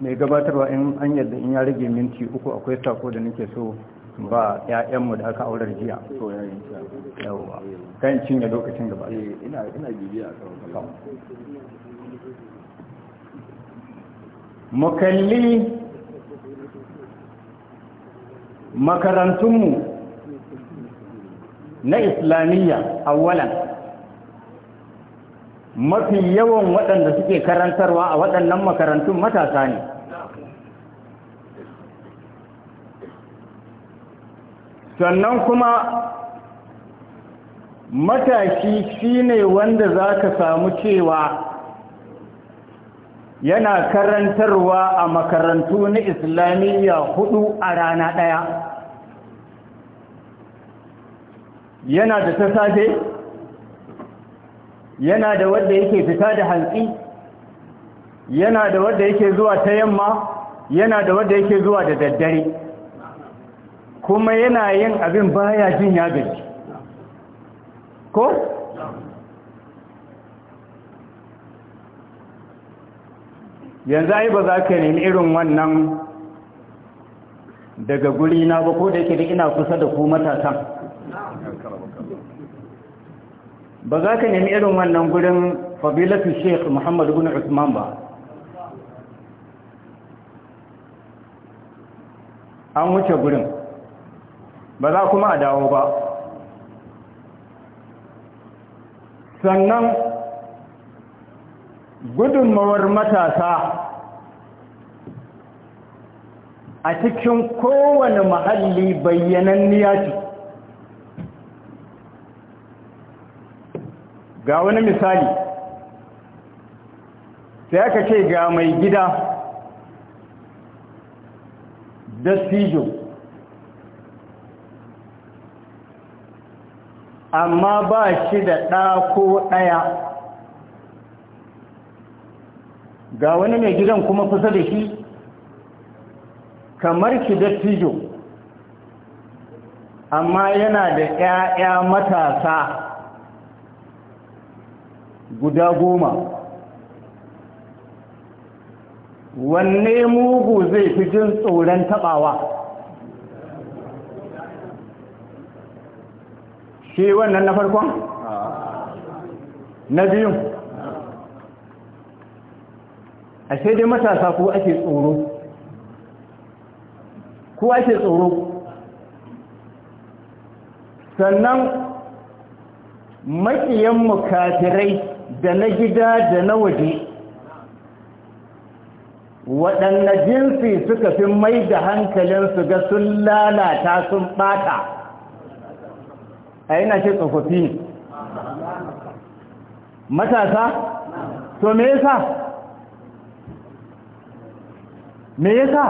A: mai gabatarwa in an yadda in ya rage minti uku akwai sako da nake so ba ‘ya'yanmu da aka aurar jiya yawa kan cinye lokacin gaba eh, ina bibiya a mukalli makarantunmu na islamiyya awwalan mafi yawan waɗanda suke karantarwa a waɗannan makarantun matasa ne sannan kuma matashi ne wanda za ka samu cewa yana karantarwa a makarantu na islamiyya hudu a rana ɗaya yana da ta safe yana da wanda yake fita da hantsi yana da wanda yake zuwa ta yamma yana da wanda yake zuwa da daddare kuma yana yin abin baya jin ya gaji ko yanzu ai ba za ka nemi irin wannan daga guri na ba ko da yake da ina kusa da ku matasan ba za ka nemi irin wannan gurin fabilatun sheikh muhammadu bin usman ba an wuce gurin ba za kuma a dawo ba sannan gudunmawar matasa a cikin kowane mahalli bayyananniya ce ga wani misali sai aka ce ga mai gida dattijo amma ba shi da ɗa
C: ko ɗaya
A: ga wani mai gidan kuma kusa da shi kamar shi dattijo amma yana da 'ya'ya matasa guda goma wanne mugu zai fi jin tsoron taɓawa shi wannan na farkon na biyun a dai matasa ko ake tsoro ko ake tsoro sannan makiyan mukatirai da na gida da na waje waɗanne jinsi suka fi mai da hankalinsu ga sun lalata sun ɓata a yana ce tsofaffi ne matasa to me yasa me yasa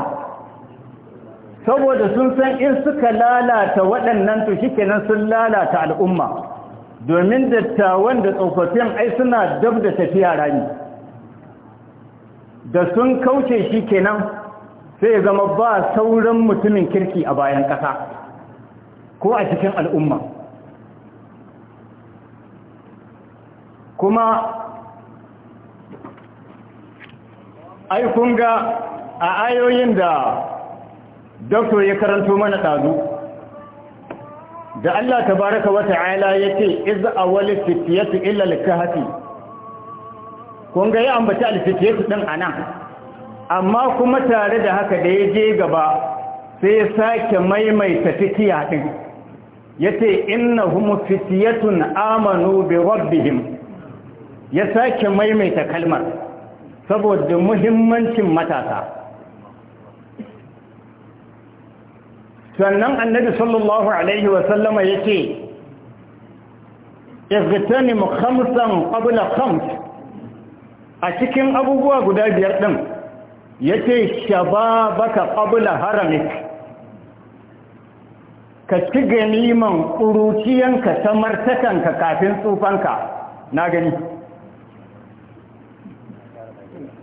A: saboda sun san in suka lalata waɗannan to shikenan sun lalata al'umma domin dattawan da tsofaffin ai suna dab da tafiya rami da sun kauce shi kenan sai zama ba sauran mutumin kirki a bayan ƙasa ko a cikin al'umma kuma ai kun ga a ayoyin da doktor ya karanto mana ɗazu da Allah Ta Baraka Wata tabaraka ya ce, yace a wani fitiyatu illa al hafi, kun ga ya ambaci alfitiyatu ɗin a nan. amma kuma tare da haka da ya je gaba sai ya sake maimaita fitiya din yace innahum fitiyatun amanu bi rabbihim ya sake maimaita kalmar saboda muhimmancin matasa sannan annabi sallallahu alaihi wasallama ya ce izgitanimu khamsan qabla khams a cikin abubuwa guda biyar din yace shababaka qabla haramik ka ci ganiman kuruciyanka ta martakanka kafin tsufanka na gani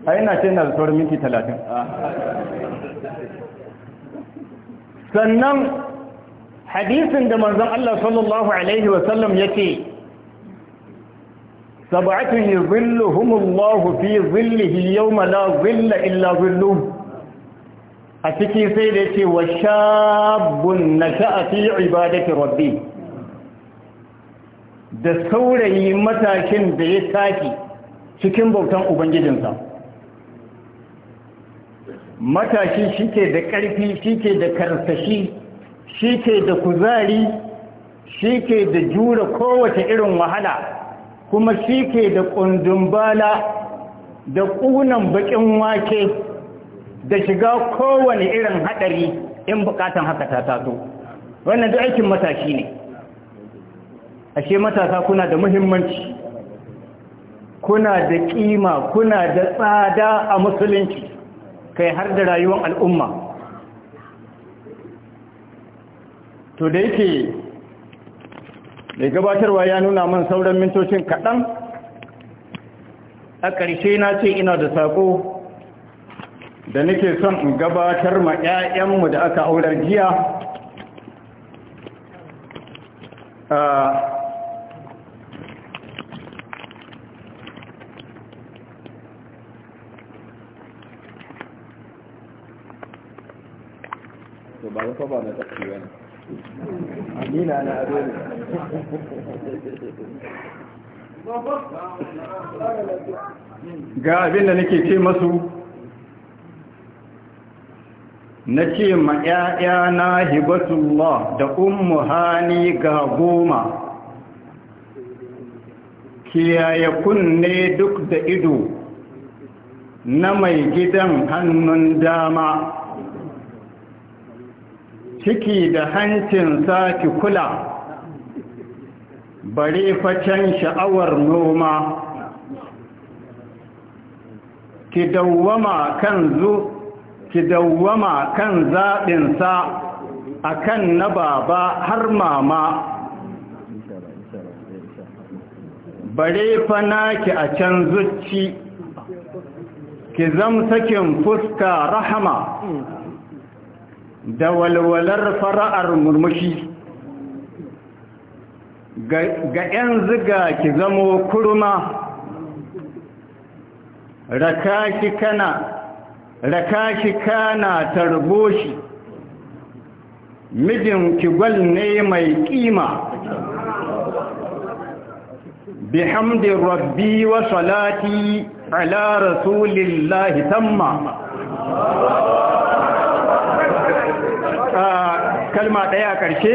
A: a ina ce na da minti talatin sannan hadisin da manzon Allah sallallahu alaihi wasallam yake sab'atu yuzilluhumullahu fi zillihi yawma la zilla illa zilluhu a ciki sai da yake wa shabun na fi ibadati rabbi da saurayi matashin da ya tashi cikin bautan ubangijinsa matashi shi ke da ƙarfi shi ke da karsashi shi ke da kuzari shi ke da jura kowace irin wahala kuma shi ke da ƙundumbala da ƙunan baƙin wake da shiga kowane irin haɗari in buƙatan haka ta taso wannan da aikin matashi ne ashe matasa kuna da muhimmanci kuna da ƙima kuna da tsada a musulunci kai har da rayuwar al'umma to da yake mai gabatarwa ya nuna man sauran mintocin kaɗan a ƙarshe na ce ina da saƙo da nake son in gabatar ma 'ya'yanmu da aka aurar jiya ah, ga
B: abin da nake
A: ce masu na ce ma ‘ya'ya na hibatullah da ummu hani ga goma kiyaye kunne duk da ido na mai gidan hannun dama ciki da hancin ki kula bare facen sha'awar noma ki dawwama kan zu ki dawwama kan zaɓinsa sa akan na baba har mama bare fana ki a can zucci ki sakin fuska rahama da walwalar fara'ar murmushi ga 'yan ziga ki zamo kurma raka shi kana tarbo shi mijin kigwal ne mai kima Bi bihamdi rabbi wa salati ala rasulillahi tamma kalma daya karshe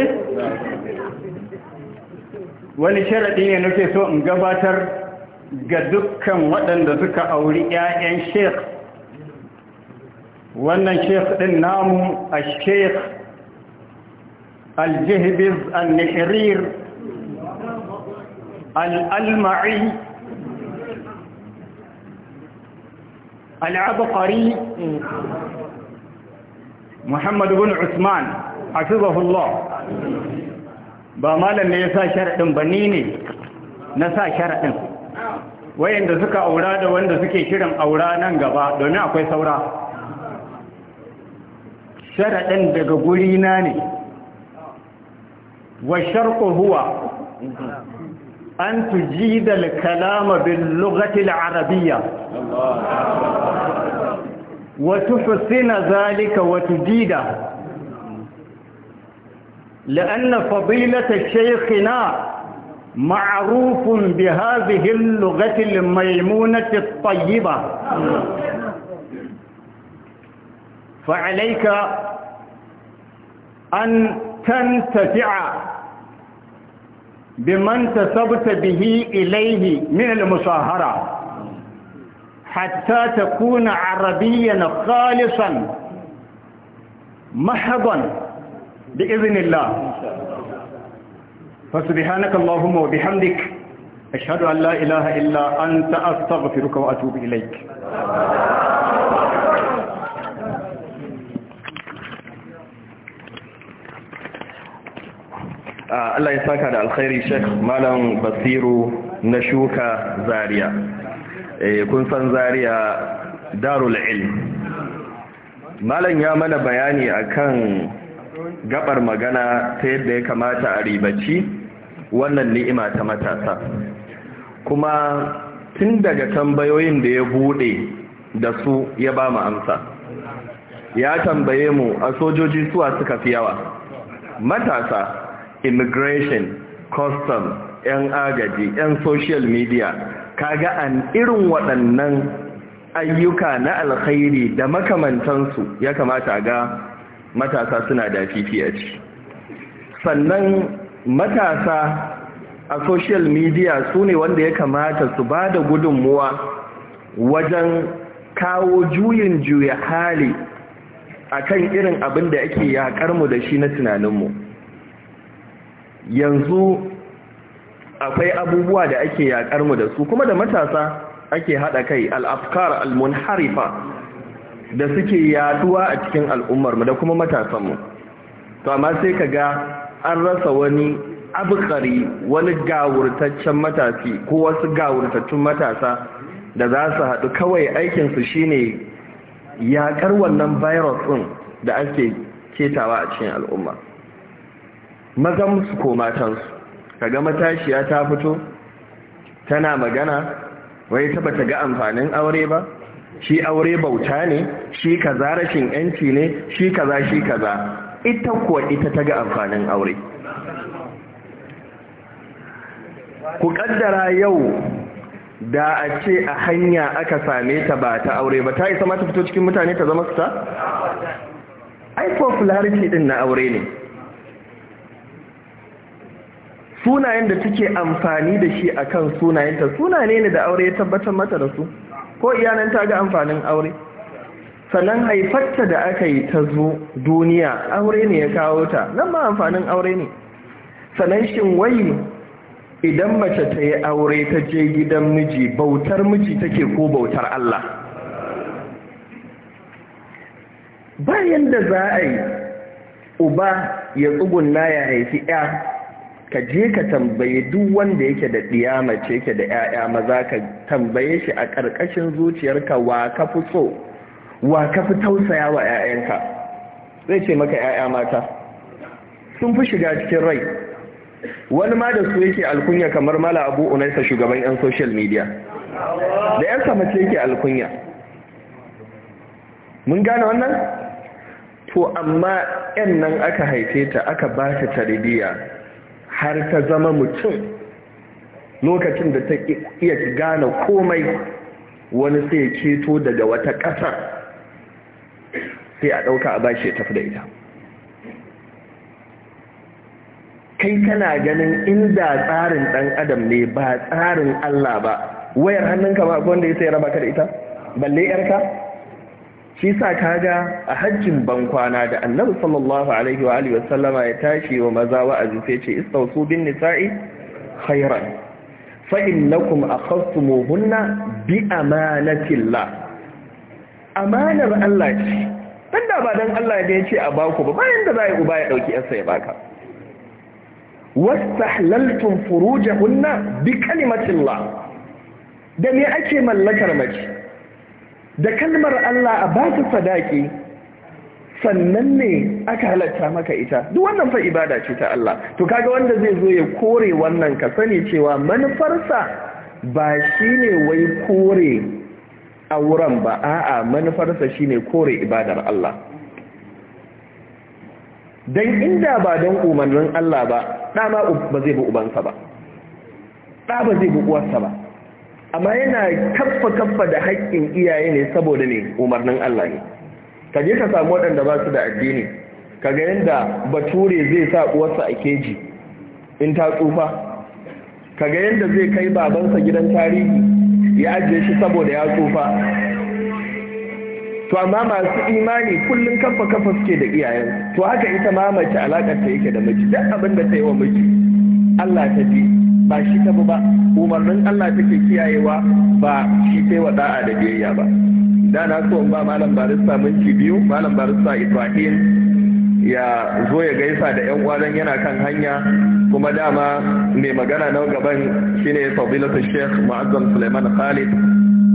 A: wani sharadi ne nake so in gabatar ga dukkan waɗanda suka auri ƴaƴan sheikh wannan sheikh din namu a sheikh aljihbiz al-nihirir al-alma'i al-abqari محمد بن عثمان hafizahullah ba malam ne ya sa sharaɗin ba ni ne na sa sharaɗin wayanda suka aura da wanda suke kiran aura nan gaba domin akwai saura sharaɗin daga guri na ne wa sharqu huwa an tuji da kalama bin lughati al-arabiyya wa tuhsina zalika wa tujida لأن فضيلة شيخنا معروف بهذه اللغة الميمونة الطيبة فعليك أن تنتفع بمن تثبت به إليه من المصاهرة حتى تكون عربيا خالصا محضا بإذن الله فسبحانك اللهم وبحمدك أشهد أن لا إله إلا أنت أستغفرك وأتوب إليك Allah ya saka da alkhairi Sheikh Malam Basiru na shuka Zaria. kun san Zaria Darul Ilm. Malam ya mana bayani akan gabar magana ta yadda ya kamata a ribaci wannan ni'ima ta matasa kuma tun daga tambayoyin da ya bude da su ya ba mu amsa ya tambaye mu a sojoji suwa suka fi yawa matasa immigration custom yan agaji yan social media kaga an irin waɗannan ayyuka na alkhairi da makamantansu ya kamata ga matasa suna da fifiyaci sannan matasa a social media su ne wanda ya kamata su ba da gudunmuwa wajen kawo juyin juya hali a kan irin abin da ake yaƙarmu mu da shi na tunaninmu yanzu akwai abubuwa da ake yaƙarmu mu da su kuma da matasa ake haɗa kai al'afkar al-munharifa da suke yaduwa a cikin al'ummarmu da kuma matasanmu to amma sai ka ga an rasa wani abukari wani gawurtaccen matasi ko wasu gawurtaccen matasa da za su haɗu kawai aikinsu shine yaƙar wannan virus ɗin da ake ketawa a cikin al'umma mazan su ko matansu kaga matashiya ta fito tana magana wai ta bata ga amfanin aure ba shi aure bauta ne shi kaza rashin yanci ne shi kaza shi kaza ita kuwa ita ta ga amfanin aure ku kaddara yau da a ce a hanya aka same ta ba ta aure ba ta isa mata fito cikin mutane ta zama ta? ai popularity din na aure ne sunayen da take amfani da shi akan sunayenta sunaye ne da aure ya tabbatar mata da su ko iyanan ta ga amfanin aure sannan haifarta da aka yi ta zo duniya aure ne ya kawo ta nan ma amfanin aure ne sannan shin wai idan mace ta yi aure ta je gidan miji bautar miji take ko bautar Allah bayan da za a yi uba ya tsugunna ya haifi ya ka je ka tambaye duk wanda yake da ɗiyamace yake da ‘ya'ya maza ka tambaye shi a ƙarƙashin zuciyarka wa ka fi so wa ka fi tausaya wa ‘ya'yanka zai ce maka ‘ya'ya mata sun fi shiga cikin rai wani ma da su yake alkunya kamar mala abu unaisa shugaban 'yan social media
B: da
A: 'yan samace yake alkunya mun gane wannan to amma 'yan nan aka haife ta aka ba ta tarbiyya har ta zama mutum lokacin da ta iya gane komai wani sai ceto daga wata ƙasa sai a ɗauka a bashi ya tafi da ita kai kana ganin inda tsarin ɗan adam ne ba tsarin Allah ba wayar hannunka ba wanda ya sai raba ka da ita balle yarka shi sa kaga a hajjin bankwana da annabi sallallahu alaihi wa alihi wasallama ya tashi wa maza wa'azi sai ce istausu bin nisa'i khairan fa innakum akhastumuhunna bi llah
C: amanar
A: Allah ce dan da ba dan Allah da yace a baku ba bayan da zai uba ya dauki yarsa ya baka wastahlaltum furujahunna bi llah da me ake mallakar mace da kalmar Allah a baka sadaki sannan ne aka halatta maka ita duk wannan fa ibada ce ta Allah to kaga wanda zai zo ya kore wannan ka sani cewa manufarsa ba shine wai kore auren ba a'a manufarsa shine kore ibadar Allah dan inda ba dan umarnin Allah ba ɗa ma ba zai bi ubansa ba ɗa ba zai bi uwarsa ba amma yana kaffa kaffa da haƙƙin iyaye ne saboda ne umarnin Allah ne ka je ka samu waɗanda ba su da addini kaga yadda bature zai sa uwarsa a keji in ta tsufa kaga yadda zai kai babansa gidan tarihi ya ajiye shi saboda ya tsufa to amma masu imani kullum kafa kafa suke da iyayen to haka ita ma mace alaƙar ta yake da miji duk abin da ta yi wa miji Allah ta ji ba shi ka ba umarnin Allah take kiyayewa ba shi sai wa da'a da biyayya ba da na so in ba malam barista minti biyu malam barista Ibrahim ya zo ya gaisa da yan uwan yana kan hanya kuma dama mai magana na gaban shine Fadilatu Sheikh Mu'azzam Suleiman Khalid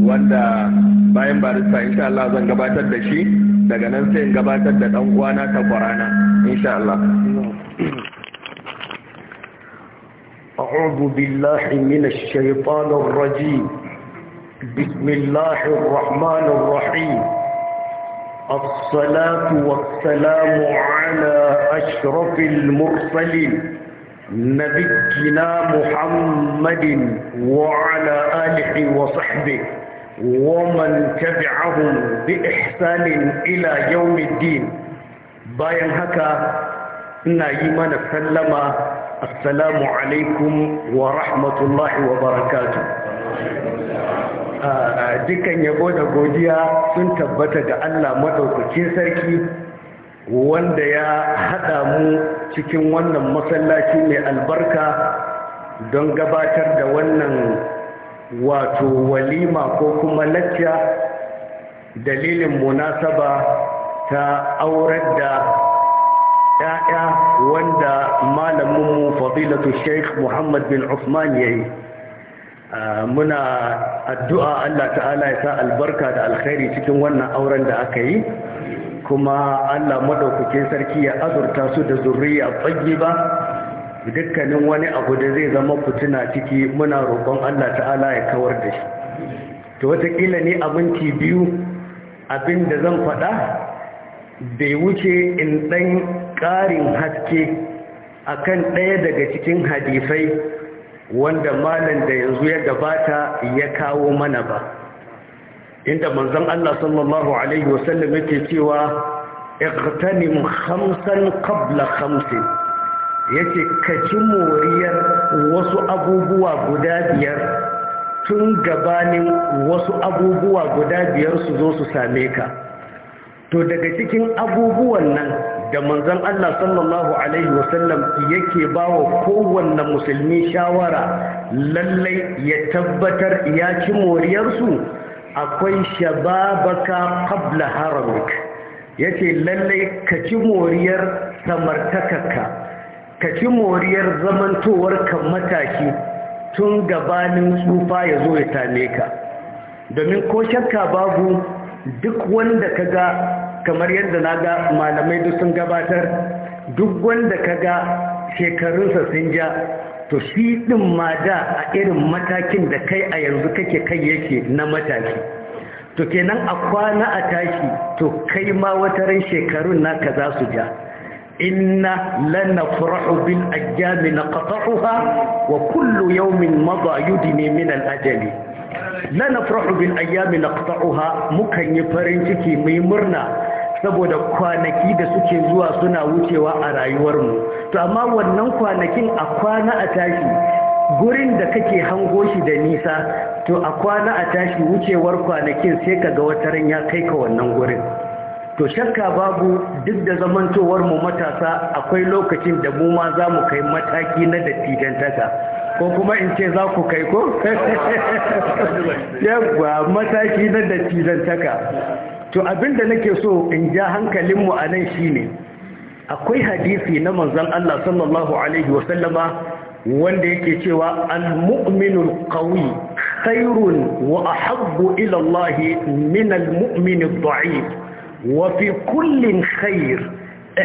A: wanda bayan barista insha Allah zan gabatar da shi daga nan sai in gabatar da dan uwana ta kwarana insha Allah أعوذ بالله من الشيطان الرجيم بسم الله الرحمن الرحيم الصلاة والسلام على أشرف المرسلين نبينا محمد وعلى آله وصحبه ومن تبعهم بإحسان إلى يوم الدين باين هكا نايمان سلما السلام alaikum wa rahmatullahi wa barakatu dukkan yabo da godiya sun tabbata ga Allah madaukakin sarki wanda ya haɗa mu cikin wannan masallaci mai albarka don gabatar da wannan wato walima ko kuma lacca dalilin munasaba ta aurar da ya'ya wanda malaminmu fadilatu sheikh muhammad bin usman ya yi muna addu'a allah ta'ala ya sa albarka da alkhairi cikin wannan auren da aka yi kuma allah maɗaukakin sarki ya azurta su da zurriya tsaggi ba dukkanin wani abu da zai zama fituna ciki muna roƙon allah ta'ala ya kawar da shi to watakila ne abinci biyu abin da zan faɗa bai wuce in ɗan ƙarin haske a kan ɗaya daga cikin hadisai wanda malam da yanzu ya gabata ya kawo mana ba inda manzon Allah sallallahu alaihi wasallam yake cewa iqtanim khamsan qabla khamsin yace ci moriyar wasu abubuwa guda biyar tun gabanin wasu abubuwa guda biyar su zo su same ka to daga cikin abubuwan nan da manzon Allah sallallahu alaihi wasallam yake bawa kowanne musulmi shawara lallai ya tabbatar
C: ya ci moriyarsu akwai shababaka qabla haramik yace lallai ka ci moriyar samartakarka ka ci moriyar zamantowarka matashi tun gabanin tsufa ya zo
A: ya same ka domin ko shakka babu duk wanda ka ga. kamar yadda na ga malamai duk sun gabatar duk wanda ka ga shekarunsa sun ja to shi ɗin ma da a irin matakin da kai a yanzu kake kai yake na mataki, to kenan a kwana a tashi to kai ma ran shekarun naka za su ja inna lanafrahu bil ajami naqta'uha wa kullu yaumin madha yudni min al ajali lanafrahu bil ayami naqta'uha mukan yi farin ciki mai murna saboda kwanaki da suke zuwa suna wucewa a rayuwarmu to amma
C: wannan kwanakin a kwana a tashi gurin da kake hango shi da nisa to a kwana a tashi wucewar kwanakin sai ka ga ran ya kai ka wannan gurin
A: to shakka babu duk da zamantowar mu matasa akwai lokacin da mu ma za mu kai mataki na dattijantaka ko kuma in ce za ku kai ko? yabba mataki na dattijantaka to abinda nake so in ja hankalinmu a nan shine akwai hadisi na manzon Allah sallallahu alaihi wasallama wanda yake cewa al-mu'minul qawi khairun wa ahabbu ila Allah min al-mu'minid da'if wa fi kullin khair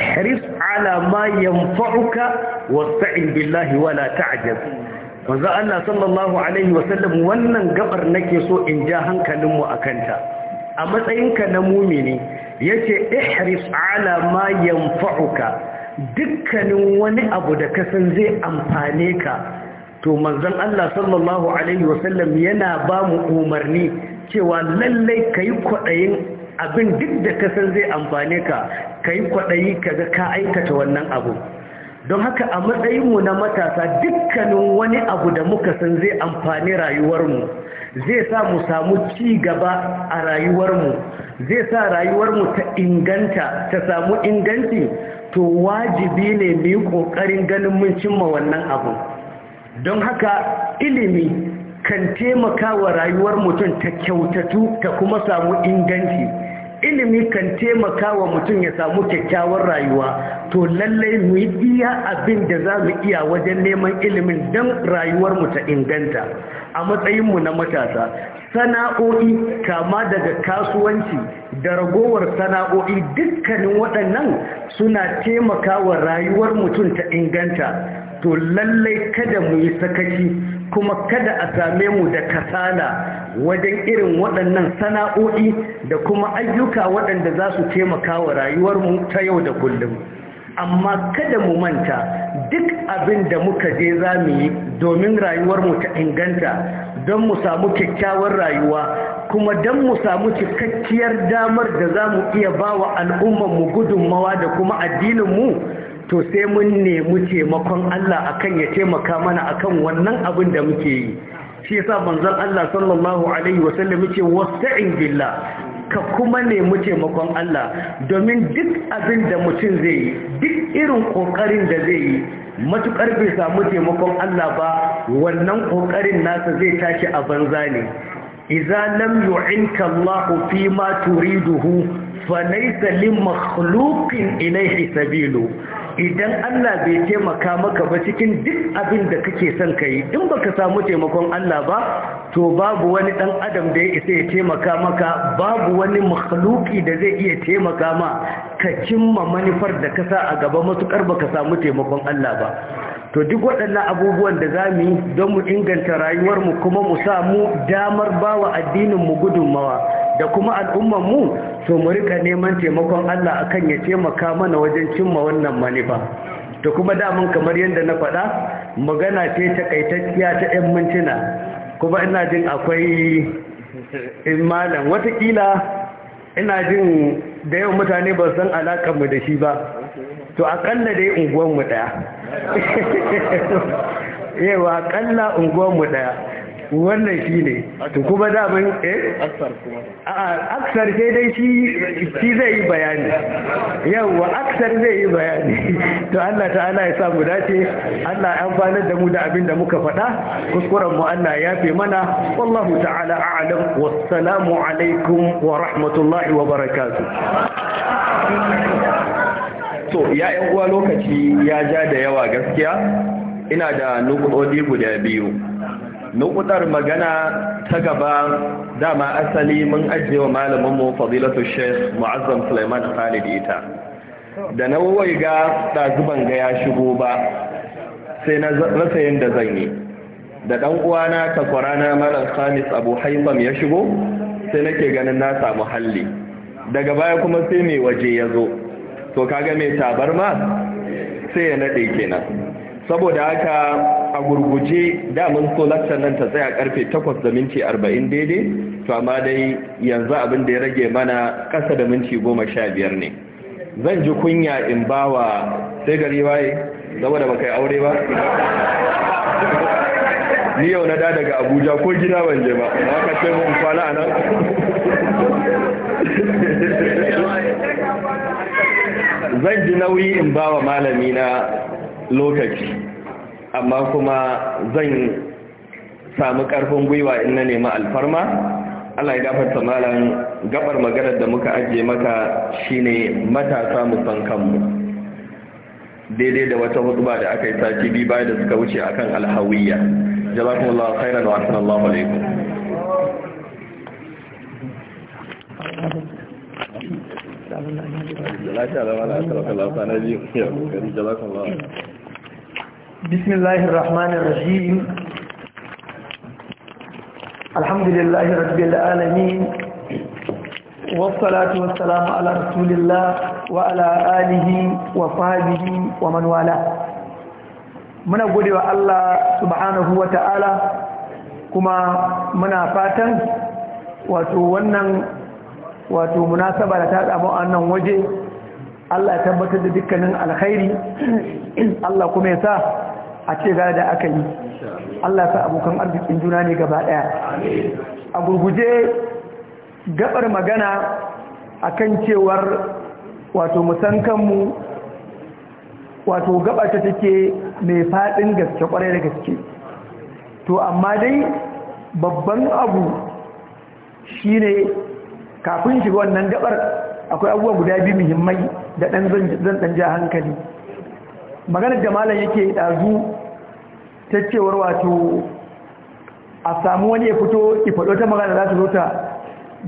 A: ihris ala ma yanfa'uka wasta'in billahi wa la ta'jaz manzon Allah sallallahu alaihi wannan gabar nake so in ja hankalinmu akanta a matsayinka na mumini yace ihris ala ma yanfa'uka dukkanin wani abu da
C: ka san zai amfane ka to manzon Allah sallallahu alaihi wasallam yana ba mu umarni cewa lallai kai kwadayin abin duk da ka san zai amfane ka kai kwadayi kaga ka aikata wannan abu don haka a matsayinmu na matasa dukkanin wani abu da muka san zai amfani rayuwarmu
A: zai sa mu samu ci gaba a rayuwarmu zai sa rayuwarmu ta
C: inganta ta samu inganci to wajibi ne mu yi ƙoƙarin ganin mun cimma wannan abu don haka ilimi kan taimaka wa rayuwar mutum ta kyautatu ta kuma samu inganci ilimi kan
A: taimaka wa mutum ya samu kyakkyawar rayuwa to lallai mu yi iya abin da za mu iya wajen neman ilimin don rayuwarmu ta inganta a matsayinmu na
C: matasa sana'o'i kama daga kasuwanci da ragowar sana'o'i dukkanin waɗannan suna taimakawa rayuwar mutum ta inganta to lallai kada mu yi sakaci kuma kada a same mu da
A: kasala wajen irin waɗannan sana'o'i da kuma ayyuka waɗanda za su
C: taimakawa rayuwar mu ta yau da kullum. amma kada mu manta duk abin da muka je za mu yi domin rayuwarmu ta inganta don mu samu kyakkyawar rayuwa kuma don mu samu cikakkiyar damar da za mu iya ba wa al'ummarmu gudunmawa da kuma addinin mu, to sai mun nemi taimakon Allah akan ya taimaka mana akan wannan abin da muke yi shi yasa manzon Allah
A: sallallahu alaihi wasallam yake wasta'in billah ka kuma nemi taimakon Allah domin duk abin da mutum zai yi duk irin ƙoƙarin da zai yi matuƙar bai samu taimakon Allah ba wannan ƙoƙarin nasa zai tashi a banza ne iza lam yu'inka Allah fi ma turiduhu fa laysa li makhluqin ilayhi sabilu idan Allah bai taimaka
C: maka ba cikin duk abin da kake son ka yi in baka samu taimakon Allah ba to babu wani dan adam da ya isa ya taimaka maka babu wani makhluki da zai iya
A: taimaka ma ka cimma manufar da ka sa a gaba matukar baka samu taimakon Allah ba to duk waɗannan abubuwan da za mu yi don mu inganta rayuwarmu kuma mu samu damar bawa addinin mu gudunmawa da kuma al'ummar mu to mu rika neman taimakon Allah akan ya taimaka mana wajen cimma wannan manufa to kuma mun kamar yadda na faɗa magana ce ta kaitacciya ta ɗan mintuna kuma ina jin akwai in malam watakila ina jin da yawan mutane ba san alaƙar mu da shi ba to akalla dai unguwan mu daya yawa akalla unguwan mu daya wannan shi ne to kuma eh aksar sai dai shi zai yi bayani yawwa aksar zai yi bayani to Allah ta'ala ya samu dace Allah ya amfanar da mu da abin da muka faɗa kuskuren mu Allah ya fi mana wallahu ta'ala a'lam wassalamu alaikum wa rahmatullahi wa barakatuh to ya yan uwa lokaci ya ja da yawa gaskiya ina da nukuɗoɗi guda biyu nukudar magana ta gaba dama asali mun ajiye wa malaminmu fadilatu sheikh mu'azzam suleiman khalid ita da na wai ga ɗazuban ga ya shigo ba sai na rasa yin da zan yi da ɗan uwana kwarana malam khamis abu haifam ya shigo sai nake ganin na samu halli daga baya kuma sai mai waje ya zo to kaga mai ma sai ya naɗe kenan saboda haka a gurguje damun so lakcan nan ta tsaya karfe 8 da minti 40 daidai to amma dai yanzu abin da ya rage mana kasa da minti 15 ne zan ji kunya in bawa sai gari waye saboda da yi aure ba ni yau na da daga abuja ko gida ban je ba ba ka ce mun kwana a nan zan ji nauyi in bawa malami na lokaci amma kuma zan samu karfin gwiwa in na nemi alfarma Allah ya gafarta malam gabar maganar da muka ajiye maka shine matasa musan kanmu daidai da wata hutuba da aka yi sati biyu bayan da suka wuce akan alhawiyya jazakumullahu khairan wa sallallahu alaikum
C: بسم الله الرحمن الرحيم الحمد لله رب العالمين والصلاة والسلام على رسول الله وعلى آله وصحبه ومن والاه muna gode wa Allah subhanahu wa ta'ala kuma muna fatan wato wannan wato munasaba da ta samu a nan waje Allah ya tabbatar da dukkanin alkhairi Allah kuma ya sa a ce da aka yi Allah sa abokan arzikin juna ne gaba daya a gurguje gabar magana akan cewar wato musan kanmu wato gaba ta take mai fadin gaske kwarai da gaske to amma dai babban abu shine kafin shiga wannan gabar akwai abubuwa guda biyu muhimmai da dan zan dan hankali maganar da malam yake ɗazu. ta cewar wato a samu wani ya fito ifaɗo ta magana za su zo ta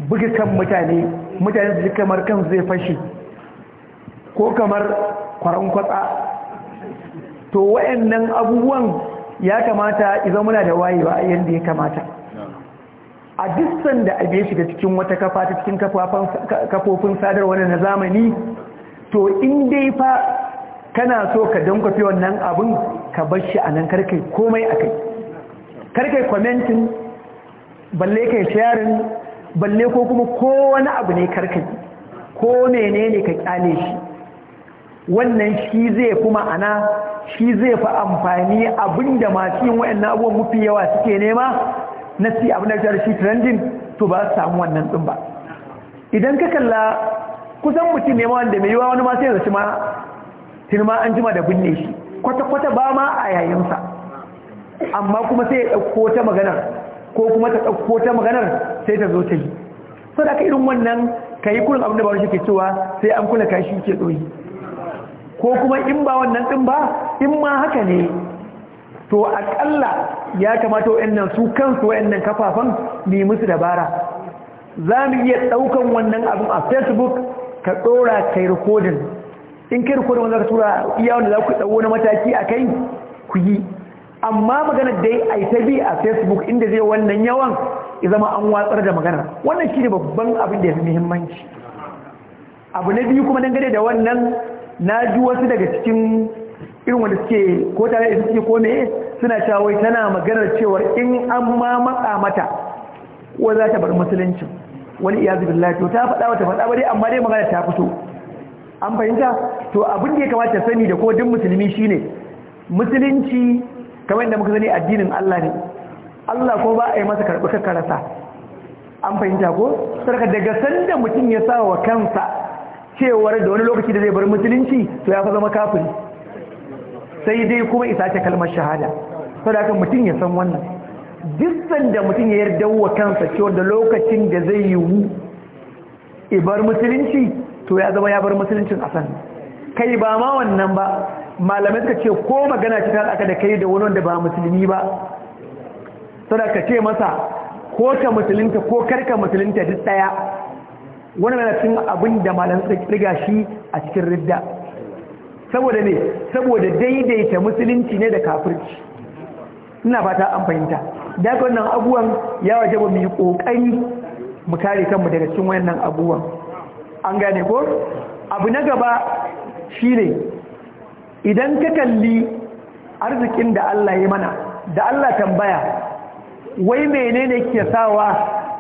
C: buga kan mutane mutane su ji kamar kan zai fashi ko kamar kwaron kwatsa to wa'annan abubuwan ya kamata idan muna da wayewa yadda ya kamata a distan da abe shiga cikin wata kafa ta cikin kafofin sadarwa na zamani to in dai fa kana so ka dankwafe wannan abin ka bar shi a nan karkai komai a kai karkai kwamentin balle kai sharin balle ko kuma kowane abu ne karkai ko mene ne ka kyale shi wannan shi zai kuma ana shi zai fi amfani abinda masu yin wa'annan abubuwan mafi yawa suke nema na si abin da shi trending to ba su samu wannan ɗin ba idan ka kalla kusan mutum nema wanda mai yiwa wani masu yanzu ma tun an jima da binne shi kwata-kwata ba ma a yayinsa amma kuma sai ya ɗauko ta maganar ko kuma ta ɗauko ta maganar sai ta zo ta yi sau da irin wannan ka yi kurin abin da ba shi ke cewa sai an kula kashi ke ɗoyi ko kuma in ba wannan ɗin ba in ma haka ne to akalla ya kamata wa'annan su kansu wa'yannan kafafan ne musu dabara za mu iya ɗaukan wannan abin a facebook ka ɗora kai rikodin in kai rikodin wanda ka tura iya wanda za ku tsawo na mataki a kai ku yi amma maganar da ya yi ta bi a facebook inda zai wannan yawan ya zama an watsar da magana wannan shi ne babban abin da ya fi muhimmanci abu na biyu kuma dangane da wannan na ji wasu daga cikin irin wanda suke ko tare da suke ko suna cewa tana maganar cewar in an ma matsa mata ko za ta bar musuluncin wani iyazu billahi to ta faɗa wata faɗa ba dai amma dai magana ta fito an fahimta to abin da ya kamata sani da kodin musulmi shine musulunci kamar yadda muka sani addinin Allah ne Allah ko ba a yi masa karɓi karasa. an fahimta ko sarka daga sanda mutum ya sa wa kansa cewar da wani lokaci da zai bar musulunci to ya fa zama kafin sai dai kuma isa ce kalmar shahada saboda mutum ya san wannan duk sanda mutum ya yarda wa kansa cewar da lokacin da zai yi yiwu ibar musulunci to ya zama ya bar musuluncin asan kai ba ma wannan ba malamai suka ce ko magana ta aka da kai da wani wanda ba musulmi ba saboda ka ce masa ko ta musulunta ko karka musulunta duk daya wani yana cikin abin da malamai suka riga shi a cikin ridda saboda ne saboda daidaita musulunci ne da kafirci ina fata an fahimta da wannan abuwan ya waje ba mu yi kokari mu kare kanmu daga cikin wannan abubuwan an gane ko abu na gaba shi ne idan ka kalli arzikin da Allah ya mana da Allah tambaya wai menene ke sawa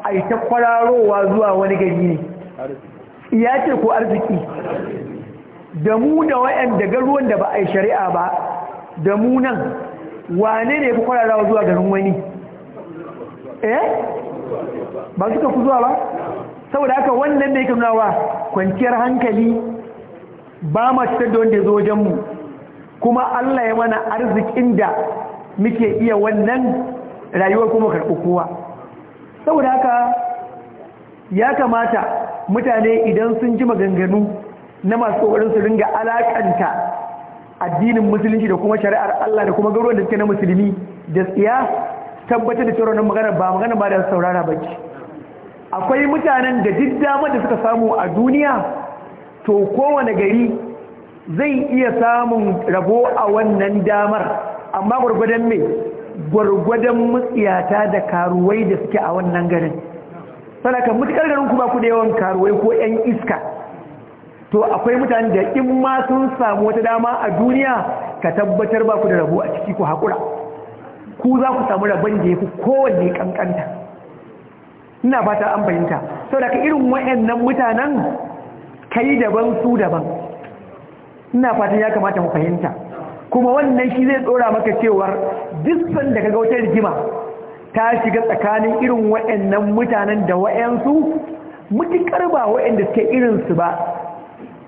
C: a yi kwararowa zuwa wani gari ne ya ce ko arziki da mu da waɗanda garuwan da ba a yi shari'a ba da mu nan wane ne fi kwararawa zuwa garin wani eh ba su ka fi zuwa ba saboda haka wannan da yake nunawa kwanciyar hankali ba ma cutar da wanda ya zo wajenmu kuma Allah ya mana arzikin da muke iya wannan rayuwar kuma karɓi kowa saboda haka ya kamata mutane idan sun ji maganganu na masu tsohon su ringa alakanta addinin musulunci da kuma shari'ar Allah da kuma garuwan da suke na musulmi da tsiya tabbatar da cewa wannan magana ba magana ba da saurara ba ce akwai mutanen da duk dama da suka samu a duniya to kowane gari zai iya samun rabo a wannan damar amma gwargwadon mai gwargwadon mutsiyata da karuwai da suke a wannan garin sanaka mutukar garin kuma ku da yawan karuwai ko 'yan iska to akwai mutane da in ma sun samu wata dama a duniya ka tabbatar ba ku da rabo a ciki ku haƙura ku za ku samu rabon da ya fi kowanne ƙanƙanta ina fata an fahimta sau da ka irin waɗannan mutanen kai daban su daban ina fatan ya kamata mu fahimta kuma wannan shi zai tsora maka cewar dukkan da ga wata rigima ta shiga tsakanin irin waɗannan mutanen da waɗansu mutukar ba waɗanda suke irin su ba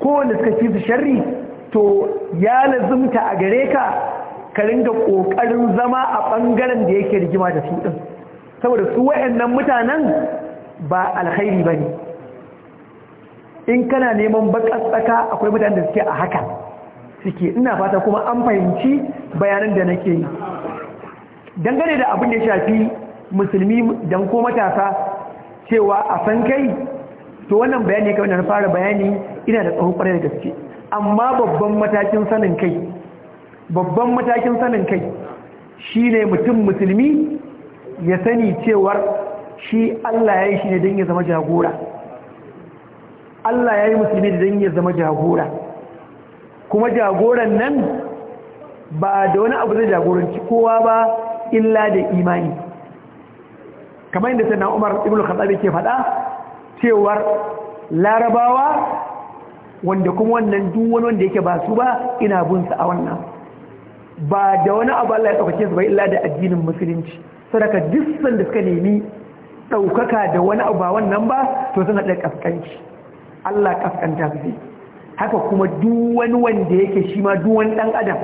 C: ko wanda suka fi su sharri to ya lazumta a gare ka ka ringa ƙoƙarin zama a ɓangaren da yake rigima da su ɗin saboda su wayannan mutanen ba alkhairi ba ne. in kana neman tsaka akwai mutanen da suke a haka suke ina fata kuma an fahimci bayanan da nake yi dangane da abin da shafi musulmi dan ko matasa cewa a san kai to wannan bayani kawai na fara bayani ina da tsohon kwarai da gaske amma babban matakin sanin kai babban matakin sanin kai shine mutum musulmi ya sani cewar shi Allah ya yi shi ne don ya zama jagora Allah ya yi musulmi don ya zama jagora kuma jagoran nan ba da wani abu zai jagoranci kowa ba illa da imani kamar yadda sannan umar ibn khattab yake faɗa cewar larabawa wanda kuma wannan duk wani wanda yake ba su ba ina bunsa a wannan ba da wani abu Allah ya ɗaukace su ba illa da addinin musulunci sadaka dissan da suka nemi ɗaukaka da wani abu ba wannan ba to suna da kaskanci Allah kaskanta su haka kuma duk wani wanda yake shi ma duk wani dan adam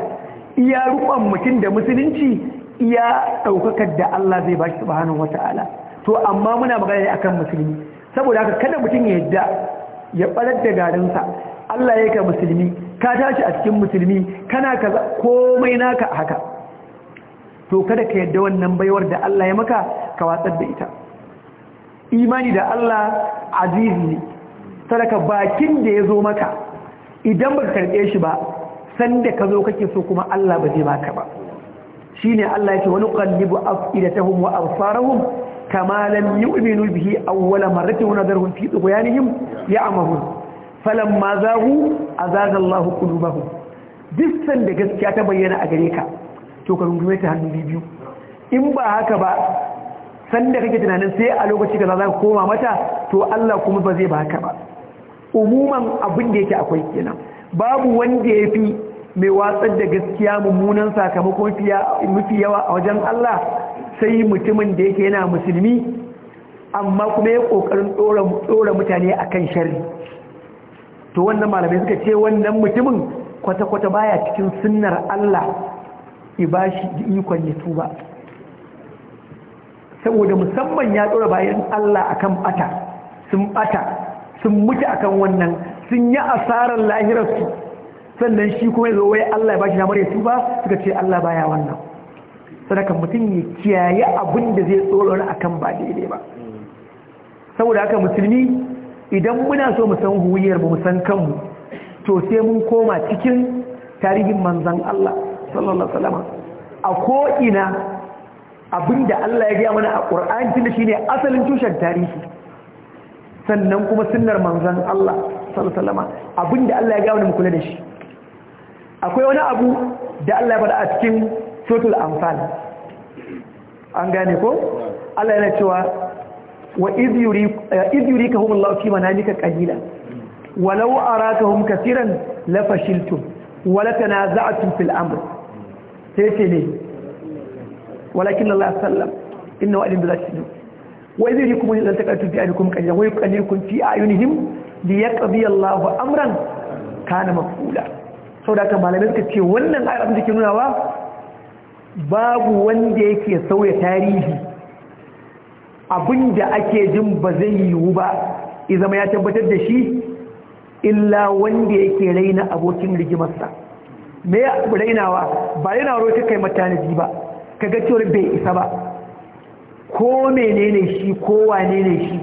C: iya rukon mutum da musulunci iya ɗaukakar da Allah zai bashi subhanahu wata'ala to amma muna magana akan musulmi saboda haka kada mutum ya yadda ya ɓarar da garinsa Allah ya ka musulmi ka tashi a cikin musulmi kana kaza komai naka haka to kada ka yadda wannan baiwar da Allah ya maka ka watsar da ita imani da Allah azizi ne sadaka bakin da ya zo maka idan ba ka karɓe shi ba sanda ka zo kake so kuma Allah ba zai maka ba Shi ne Allah ya ce wani qallibu afidatahum wa afsarahum kama lam yu'minu bihi awwala marratin wa nadarhum fi dhuyanihim ya'mahun falamma zahu azaga Allahu qulubahum duk sanda gaskiya ta bayyana a gare ka to ka rungume ta hannu biyu in ba haka ba sanda kake tunanin sai a lokaci kaza za ka koma mata to Allah kuma ba zai ba haka ba umuman abin da yake akwai kenan babu wanda ya fi mai watsar da gaskiya mummunan sakamakon mafi yawa a wajen Allah sai mutumin da yake yana musulmi amma kuma ya kokarin tsora mutane akan sharri to wannan malamai suka ce wannan mutumin kwata-kwata baya cikin sunnar Allah ya ba shi ikon ya tuba saboda musamman ya tsora bayan Allah akan bata sun bata sun mutu akan wannan sun yi asarar lahirarsu sannan shi kuma ya zo wai Allah ya ba shi damar ya tuba suka ce Allah baya wannan sadaka mutum ya kiyaye abin da zai tsoro akan ba daidai ba saboda haka musulmi idan muna so mu san huwiyar mu san kanmu to sai mun koma cikin tarihin manzon Allah sallallahu alaihi wasallam a ko'ina abinda Allah ya gaya mana a ƙur'an tun da shi ne asalin tushen tarihi sannan kuma sunnar manzan Allah abinda Allah ya gaya mana mukula da shi akwai wani abu da Allah ya faɗa a cikin total amfal an gane ko Allah yana cewa wa iz yurikahum Allahu fi manamika qalila walau arakahum kaseeran lafashiltum wa latanaza'tum fil amr sai ce ne walakin Allah sallam inna wa'adin bi zati wa idh yakum lan taqatu bi ayunikum qalilan wa yuqallilukum fi ayunihim li yaqdi Allahu amran kana mafula da kan malamai suka ce wannan ayar abin da ke nunawa, babu wanda yake sauya tarihi abin da ake jin ba zai yiwu ba izama ya tabbatar da shi illa wanda yake raina abokin rigimarsa me ya rainawa ba yana roƙi kai ji ba ka ga cewar bai isa ba ko menene shi ko wane ne shi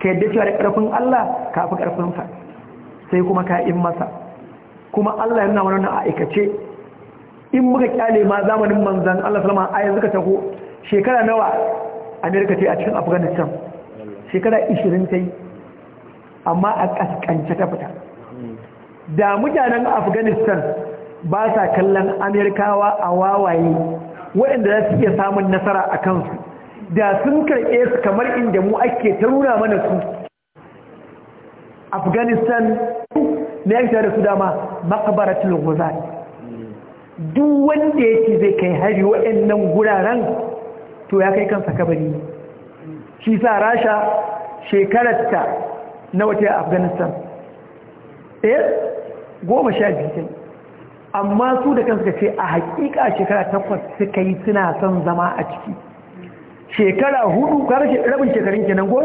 C: ka yadda cewa da ƙarfin Allah ka fi ƙarfinsa sai kuma ka in masa kuma Allah yana wani na aikace in muka kyale ma zamanin manzan Allah salama a yanzu ka taho shekara nawa Amerika ce a cikin Afghanistan shekara 20 ta amma a ƙasƙance ta fita da mutanen Afghanistan ba sa kallon amerikawa a wawaye waɗanda za su iya samun nasara a kansu da sun karɓe su kamar inda mu ake ta nuna mana su afghanistan na yanki da su dama makabaratul guzari duk wanda yake zai kai hari waɗannan guraren to ya kai kansa kabari shi sa rasha shekararta na wata afghanistan ɗaya eh, goma sha biyu amma su da kansu ce a hakika shekara takwas suka yi suna son zama a ciki shekara hudu karshe rabin shekarun kenan ko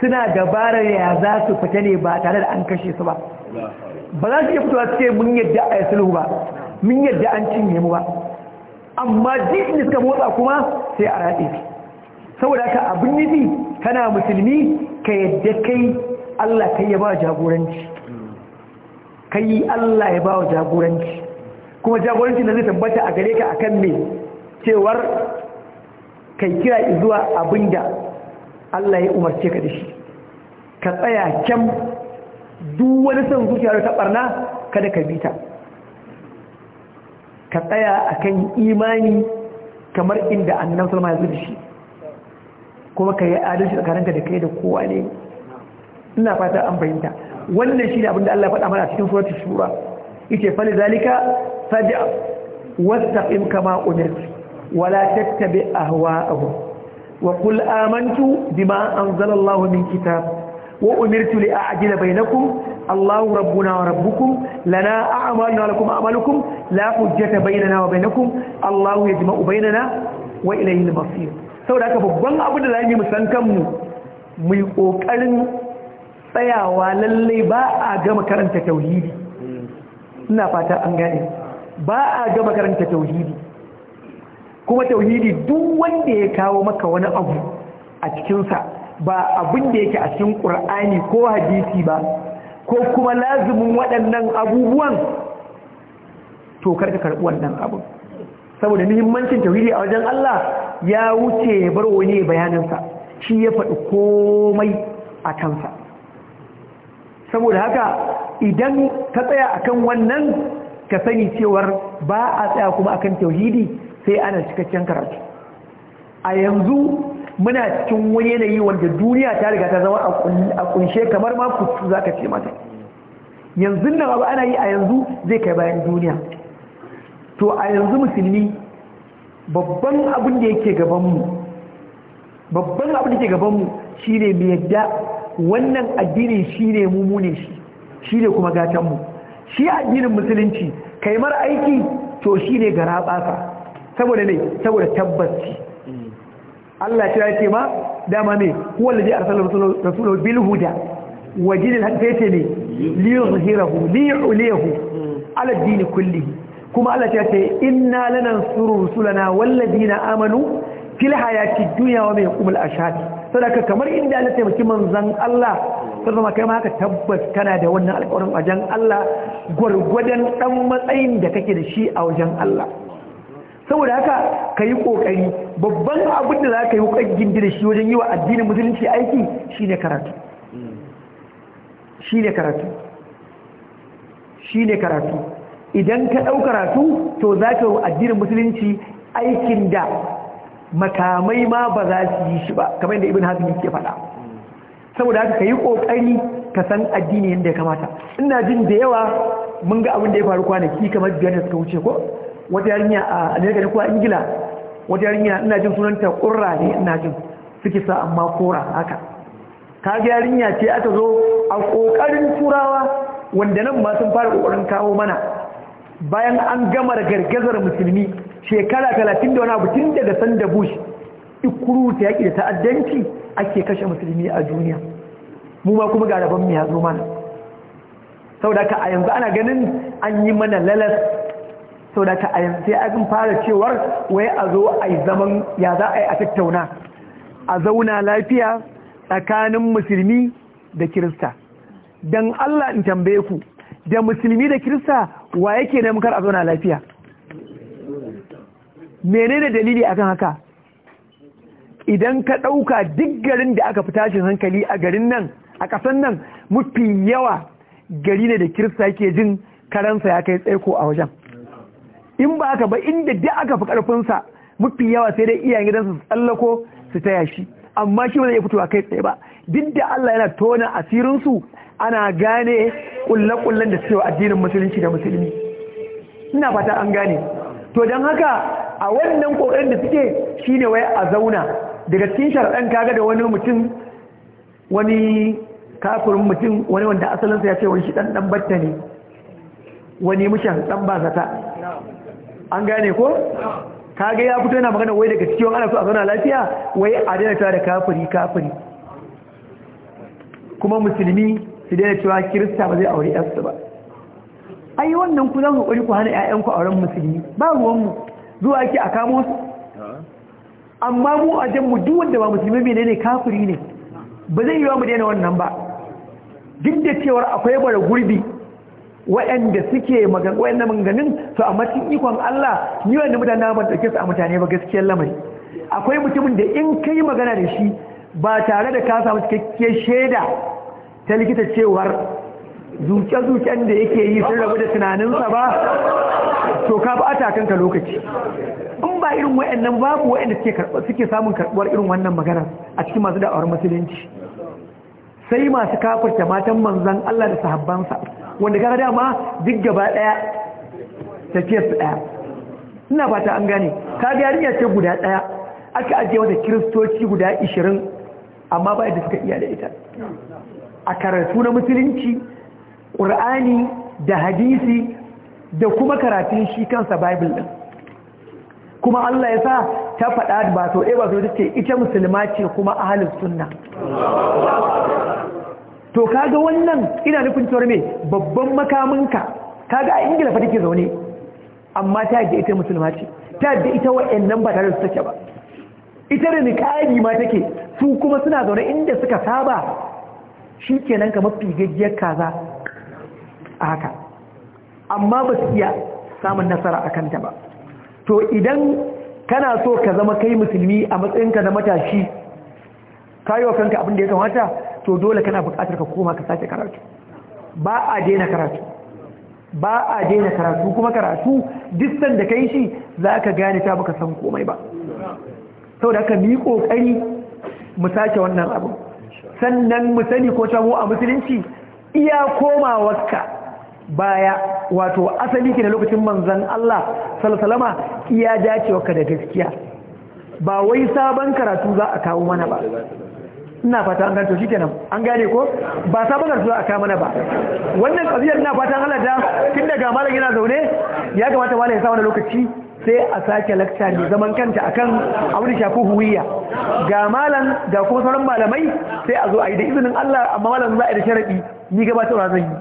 C: suna dabarar ya za su fita ne ba tare da an kashe su ba ba za su iya fitowa ce mun yadda a yasulu ba mun yadda an cinye mu ba amma jikin suka motsa kuma sai a raɗe saboda haka abin nufi kana musulmi ka yadda kai Allah kai ya ba jagoranci kai Allah ya ba jagoranci kuma jagoranci da zai tabbata a gare ka akan me cewar kai kira zuwa da Allah ya umarce ka da shi ka tsaya kyan duk wani son zuciya ta barna kada ka bi ta. ka tsaya akan imani kamar inda annan sulma ya zuci shi kuma ka yi adalci tsakaninka da kai da kowa ne ina fata an fahimta wannan shi abinda Allah faɗa mana cikin suratul shura yace fali zalika fad'a wastaqim kama umirtu wala tattabi ahwa'ahum wa qul amantu bima anzala Allahu min kitab wa umirtu li a'jila bainakum Allahu rabbuna wa rabbukum lana a'maluna lakum a'malukum la hujjata bainana wa bainakum Allahu yajma'u bainana wa ilayhi al-masir saboda haka babban abu da zamu mu san kanmu mu yi kokarin tsayawa lalle ba a gama karanta tauhidi ina fata an gane ba a gama karanta tauhidi kuma tauhidi duk wanda ya kawo maka wani abu a cikinsa ba abin da yake a cikin ƙur'ani ko hadisi ba ko kuma lazumin waɗannan abubuwan to karka karɓi wannan abin saboda muhimmancin tauhidi a wajen Allah ya wuce ya bar wani bayaninsa shi ya faɗi komai a kansa saboda haka idan ka tsaya akan wannan ka sani cewar ba a tsaya kuma akan tauhidi sai ana cikakken karatu a yanzu muna cikin wani yanayi wanda duniya ta riga ta zama a kunshe kamar ma kutu za ka ce mata yanzu nan abu ana yi a yanzu zai kai bayan duniya to a yanzu musulmi babban abin da yake gabanmu babban abin da yake gabanmu shi ne mai yadda wannan addini shine ne mummune shi shi ne kuma gatanmu shi addinin musulunci kai mara aiki to shi ne gara basa saboda ne saboda tabbaci Allah shi ya ce ma dama ne huwa allazi arsala rasulahu bil huda wa dinil ne li yuzhirahu Aladini kulli kuma Allah ya ce inna lanansuru rusulana wallazina amanu fil hayati dunya wa yawmil ashhad sadaka kamar inda Allah ya taimaki manzon Allah zama kai ma haka tabbas kana da wannan alƙawarin wajen Allah gwargwadon ɗan matsayin da kake da shi a wajen Allah saboda haka ka yi ƙoƙari babban abin da za ka yi ƙwaggin da shi wajen yi wa addinin musulunci aiki shi karatu shi ne karatu shi ne karatu idan ka ɗau karatu to za ka yi wa addinin musulunci aikin da makamai ma ba za su yi shi ba kamar yadda ibn hazmi ke faɗa saboda haka ka yi ƙoƙari ka san addini yadda ya kamata ina jin da yawa mun ga abin da ya faru kwanaki kamar biyar da suka wuce ko wata yarinya a amerika ko a ingila wata yarinya ina jin sunanta ƙurra ne ina jin suke sa amma kora haka ka ga yarinya ce aka zo a ƙoƙarin turawa wanda nan ma sun fara ƙoƙarin kawo mana bayan an gama da gargazar musulmi shekara talatin da wani abu tun daga sanda bush ikuru ta yaƙi da ta'addanci ake kashe musulmi a duniya mu ma kuma ga mu ya zo mana saboda ka a yanzu ana ganin an yi mana lalas saboda ka a yanzu sai an fara cewar wai a zo a yi zaman ya za a yi a tattauna a zauna lafiya tsakanin musulmi da kirista Dan Allah in tambaye ku da musulmi da kirista wa yake da mukar a zauna lafiya menene dalili akan haka idan ka ɗauka duk garin da aka fi tashin hankali a garin nan a ƙasan nan mafi yawa gari ne da kirista ke jin karansa ya kai tsaiko a wajen in ba haka ba inda duk aka fi ƙarfinsa mafi yawa sai dai iyayen gidansa su tsallako su taya shi amma shi ba zai fitowa kai tsaye ba duk da Allah yana tona asirinsu ana gane kullakullan da wa addinin musulunci da musulmi ina fata an gane to don haka a wannan kokarin da suke shine wai a zauna daga cikin sharaɗan kaga da wani mutum wani kafirin mutum wani wanda asalinsa ya ce wani shi ɗanɗan batta ne wani mushan ɗan ba zata an gane ko? kaga ya fito yana magana wai daga cikin ana so a zauna lafiya wai a daina cewa da kafiri kafiri kuma musulmi su daina cewa kirista ba zai aure yansu ba ai wannan ku zan kokari ku hana a auren musulmi ba ruwanmu zuwa ake a kamo amma mu a jan mu duk wanda ba musulmi bane ne kafiri ne ba zai yi wa mu daina wannan ba duk da cewar akwai bara gurbi waɗanda suke waɗanda maganganun to a matin ikon Allah ni wanda mutane ban ɗauke su a mutane ba gaskiyar lamari akwai mutumin da in kai magana da shi ba tare da ka samu cikakkiyar shaida ta likita cewar zuke-zuken da yake yi sun rabu da tunaninsa ba to ka ba a lokaci in ba irin nan babu wayanda suke suke samun karɓuwar irin wannan magana a cikin masu da'awar musulunci sai masu kafirta matan manzan Allah da sahabbansa wanda kaga dama duk gaba daya tafiyar su daya ina fata an gane kaga yarinya ce guda ɗaya. aka ajiye wata kiristoci guda 20 amma ba yadda suka iya da ita a karatu na musulunci ƙur'ani da hadisi da kuma karatun shi kansa bible din kuma Allah ya sa ta faɗa ba sau ɗaya ba sau ce ita musulma ce kuma ahalin sunna to kaga wannan ina nufin cewar me babban makaminka kaga a ingila fa take zaune amma ta yadda ita musulma ce ta yadda ita nan ba tare su take ba ita da niƙari ma take su kuma suna zaune inda suka saba shi kenan kamar figaggiyar kaza a haka amma ba su iya samun nasara a kanta ba to idan kana so ka zama kai musulmi a matsayinka na matashi kayo kanka abin da ya kamata to dole kana buƙatar ka koma ka sake karatu ba a daina karatu ba a daina karatu kuma karatu distan da kai shi za ka gane ta baka san komai ba sau da ka mi ƙoƙari mu sake wannan abin sannan mu sani ko mu a musulunci iya komawarka baya wato asali ke da lokacin manzan Allah salama iya dacewa ka da gaskiya ba wai sabon karatu za a kawo mana ba ina fata an gane to shikenan an gane ko ba sabon karatu za a kawo mana ba wannan kaziyar ina fata an halarta tun daga malam yana zaune ya kamata malam ya sa wani lokaci sai a sake lakta ne zaman kanta akan da shafi huwiya ga malam da kuma sauran malamai sai a zo a yi da izinin Allah amma malam za a yi da sharadi ni gabatarwa zan yi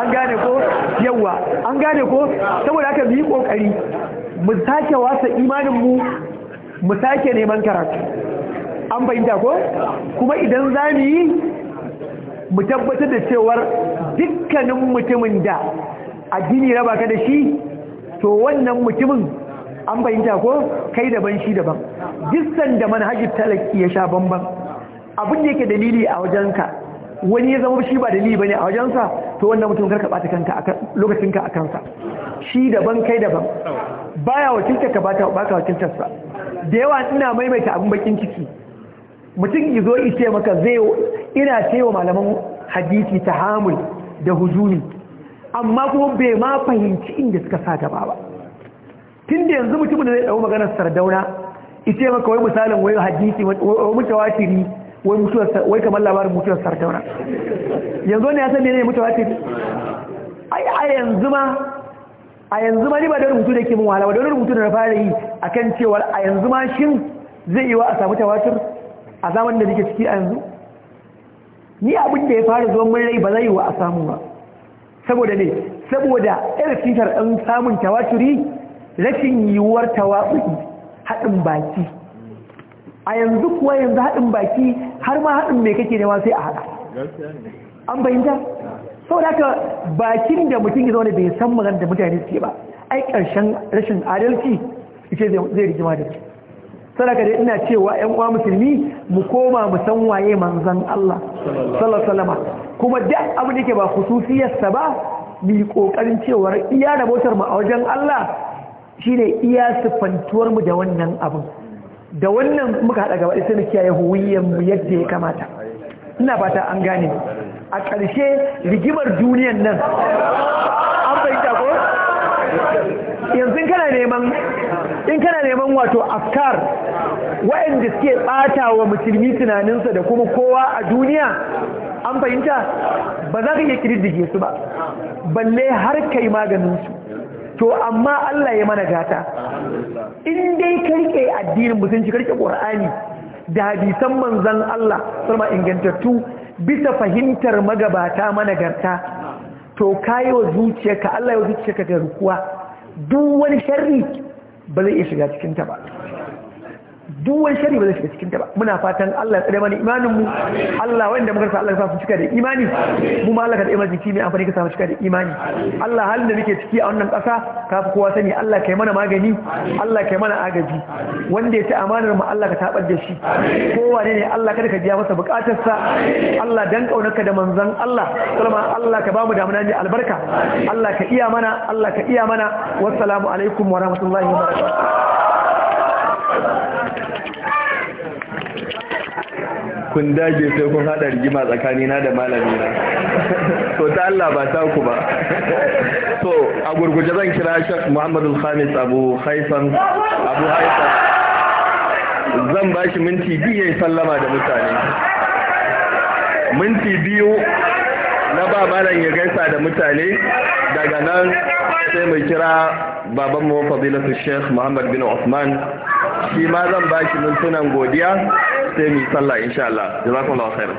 C: an gane ko yawa an gane ko saboda aka mu kokari mu sake wasa imanin mu mu sake neman karatu an fahimta ko kuma idan za mu yi mu tabbatar da cewar dukkanin mutumin da addini raba ka da shi to wannan mutumin an fahimta ko kai daban shi daban gistan da manhajin talaki ya sha bamban abin da yake dalili a wajenka wani ya zama shi ba dalili bane a wajensa to wannan mutum ka bata kanka lokacinka a kansa. shi daban kai daban baya wakilta ka bata baka wakiltar sa da yawa ina maimaita abin bakin ciki mutum zo ya ce maka zai ina cewa malaman hadisi ta tahamul da hujumi amma kuma bai ma fahimci inda suka sa gaba ba Tunda yanzu mutumin da zai dawo maganar sardauna ita maka wai misalin wai hadisi wai mutawatiri wai kamar labarin mutuwar sardauna yanzu ne ya san ne mutuwa ce ai a yanzu ma a yanzu ma ni ba da rubutu da ke mun wahala ba da rubutu da na fara yi a kan cewar a yanzu ma shin zai yi wa a samu tawatur a zamanin da nake ciki a yanzu ni abin da ya fara zuwan mun rai ba zai yi wa a samu ba saboda ne saboda irin fitar an samun tawaturi rashin yiwuwar tawaɓuki haɗin baki a yanzu kuwa yanzu haɗin baki har ma haɗin mai kake nema sai a haɗa an bayyanta sau da ka bakin da mutum ya zaune bai san magana da mutane suke ba ai ƙarshen rashin adalci ce zai rigima da su sadaka da ina cewa ‘yan uwa musulmi mu koma mu san waye manzan Allah sallallahu kuma da abu da ke ba khususiyarsa ba mu yi kokarin cewa iya da motar mu a wajen Allah shine iya sifantuwar mu da wannan abin da wannan muka haɗa gaba sai mu kiyaye huwiyyar yadda ya kamata ina fata an gane a ƙarshe rigimar duniyan nan an fahimta ko yanzu kana neman in kana neman wato afkar waɗanda suke ɓata wa musulmi tunaninsa da kuma kowa a duniya an fahimta ba za ka iya ƙididdige su ba balle har kai maganinsu to amma Allah ya mana gata in dai karke addinin musulunci karke ƙur'ani da hadisan manzon Allah sama ingantattu bisa fahimtar magabata managarta to yi wa zuciyarka Allah ya zuciyarka zuciyarka garkuwa duk wani sharri ba zai iya shiga ta ba duk wani shari ba zai shiga cikin ta ba muna fatan Allah ya tsare mana imanin mu Allah wanda muka sa Allah ya samu cika da imani mu ma Allah ka tsare mana jiki amfani ka samu cika da imani Allah halin da muke ciki a wannan ƙasa ka fi kowa sani Allah kai mana magani Allah kai mana agaji wanda ya ci amanar mu Allah ka tabar da shi kowa ne Allah kada ka biya masa bukatar sa Allah dan kaunarka da manzon Allah kuma Allah ka bamu damuna ne albarka Allah ka iya mana Allah ka iya mana wassalamu alaikum wa rahmatullahi wa barakatuh
A: kun dage sai kun hada rigima tsakanina da malamina to ta Allah ba ta ku ba to a gurguje zan kira Sheikh Muhammadu Khamis Abu Haisan Abu Haisan zan ba shi minti biyu yayin sallama da mutane minti biyu na ba malam ya gaisa da mutane daga nan sai mu kira baban mu fadilatu Sheikh Muhammad bin Uthman shi ma zan ba shi mintunan godiya sai mu yi sallah insha Allah jazakallahu khair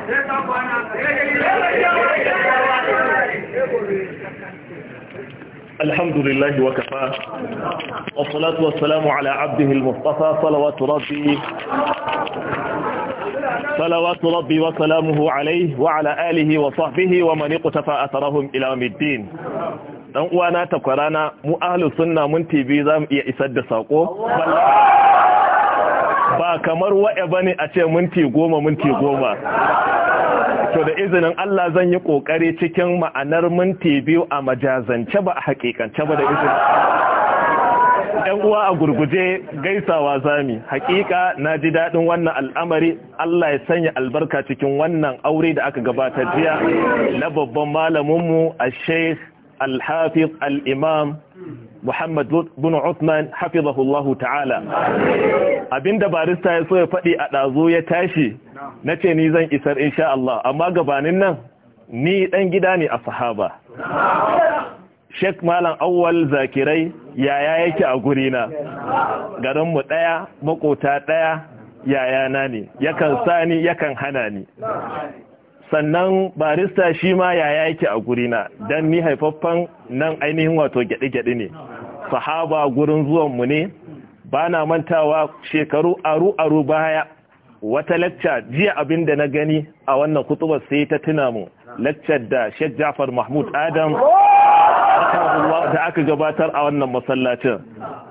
A: الحمد لله وكفى والصلاة والسلام على عبده المصطفى صلوات ربي صلوات ربي وسلامه عليه وعلى آله وصحبه ومن اقتفى أثرهم إلى الدين dan uwana takwarana mu ahlus sunna mun tv za mu iya isar da sako ba kamar wa'e bane a ce minti goma minti goma to da izinin Allah zan yi kokari cikin ma'anar minti biyu a majazance ba a hakikance ba da izinin ɗan uwa a gurguje gaisawa zami hakika na ji daɗin wannan al'amari Allah ya sanya albarka cikin wannan aure da aka gabata jiya na babban malaminmu a sheikh الحافظ الإمام Muhammad bin Uthman hafizahullahu ta'ala abinda barista ya so ya faɗi a ɗazu ya tashi na ce ni zan isar insha Allah amma gabanin nan ni ɗan gida ne a sahaba Sheikh Mallam Auwal Zakirai yaya yake a gurina garinmu ɗaya makota ɗaya yayana ne yakan sani yakan hana ni sannan barista shi ma yaya yake a guri na don ni haifaffen nan ainihin wato gyaɗe-gyaɗe ne sahaba gurin zuwanmu ne ba na mantawa shekaru aru-aru baya wata lacca jiya abin da na gani a wannan kutubar sai ta tuna mu laccar da Sheikh Jafar Mahmud Adam da aka gabatar a wannan masallacin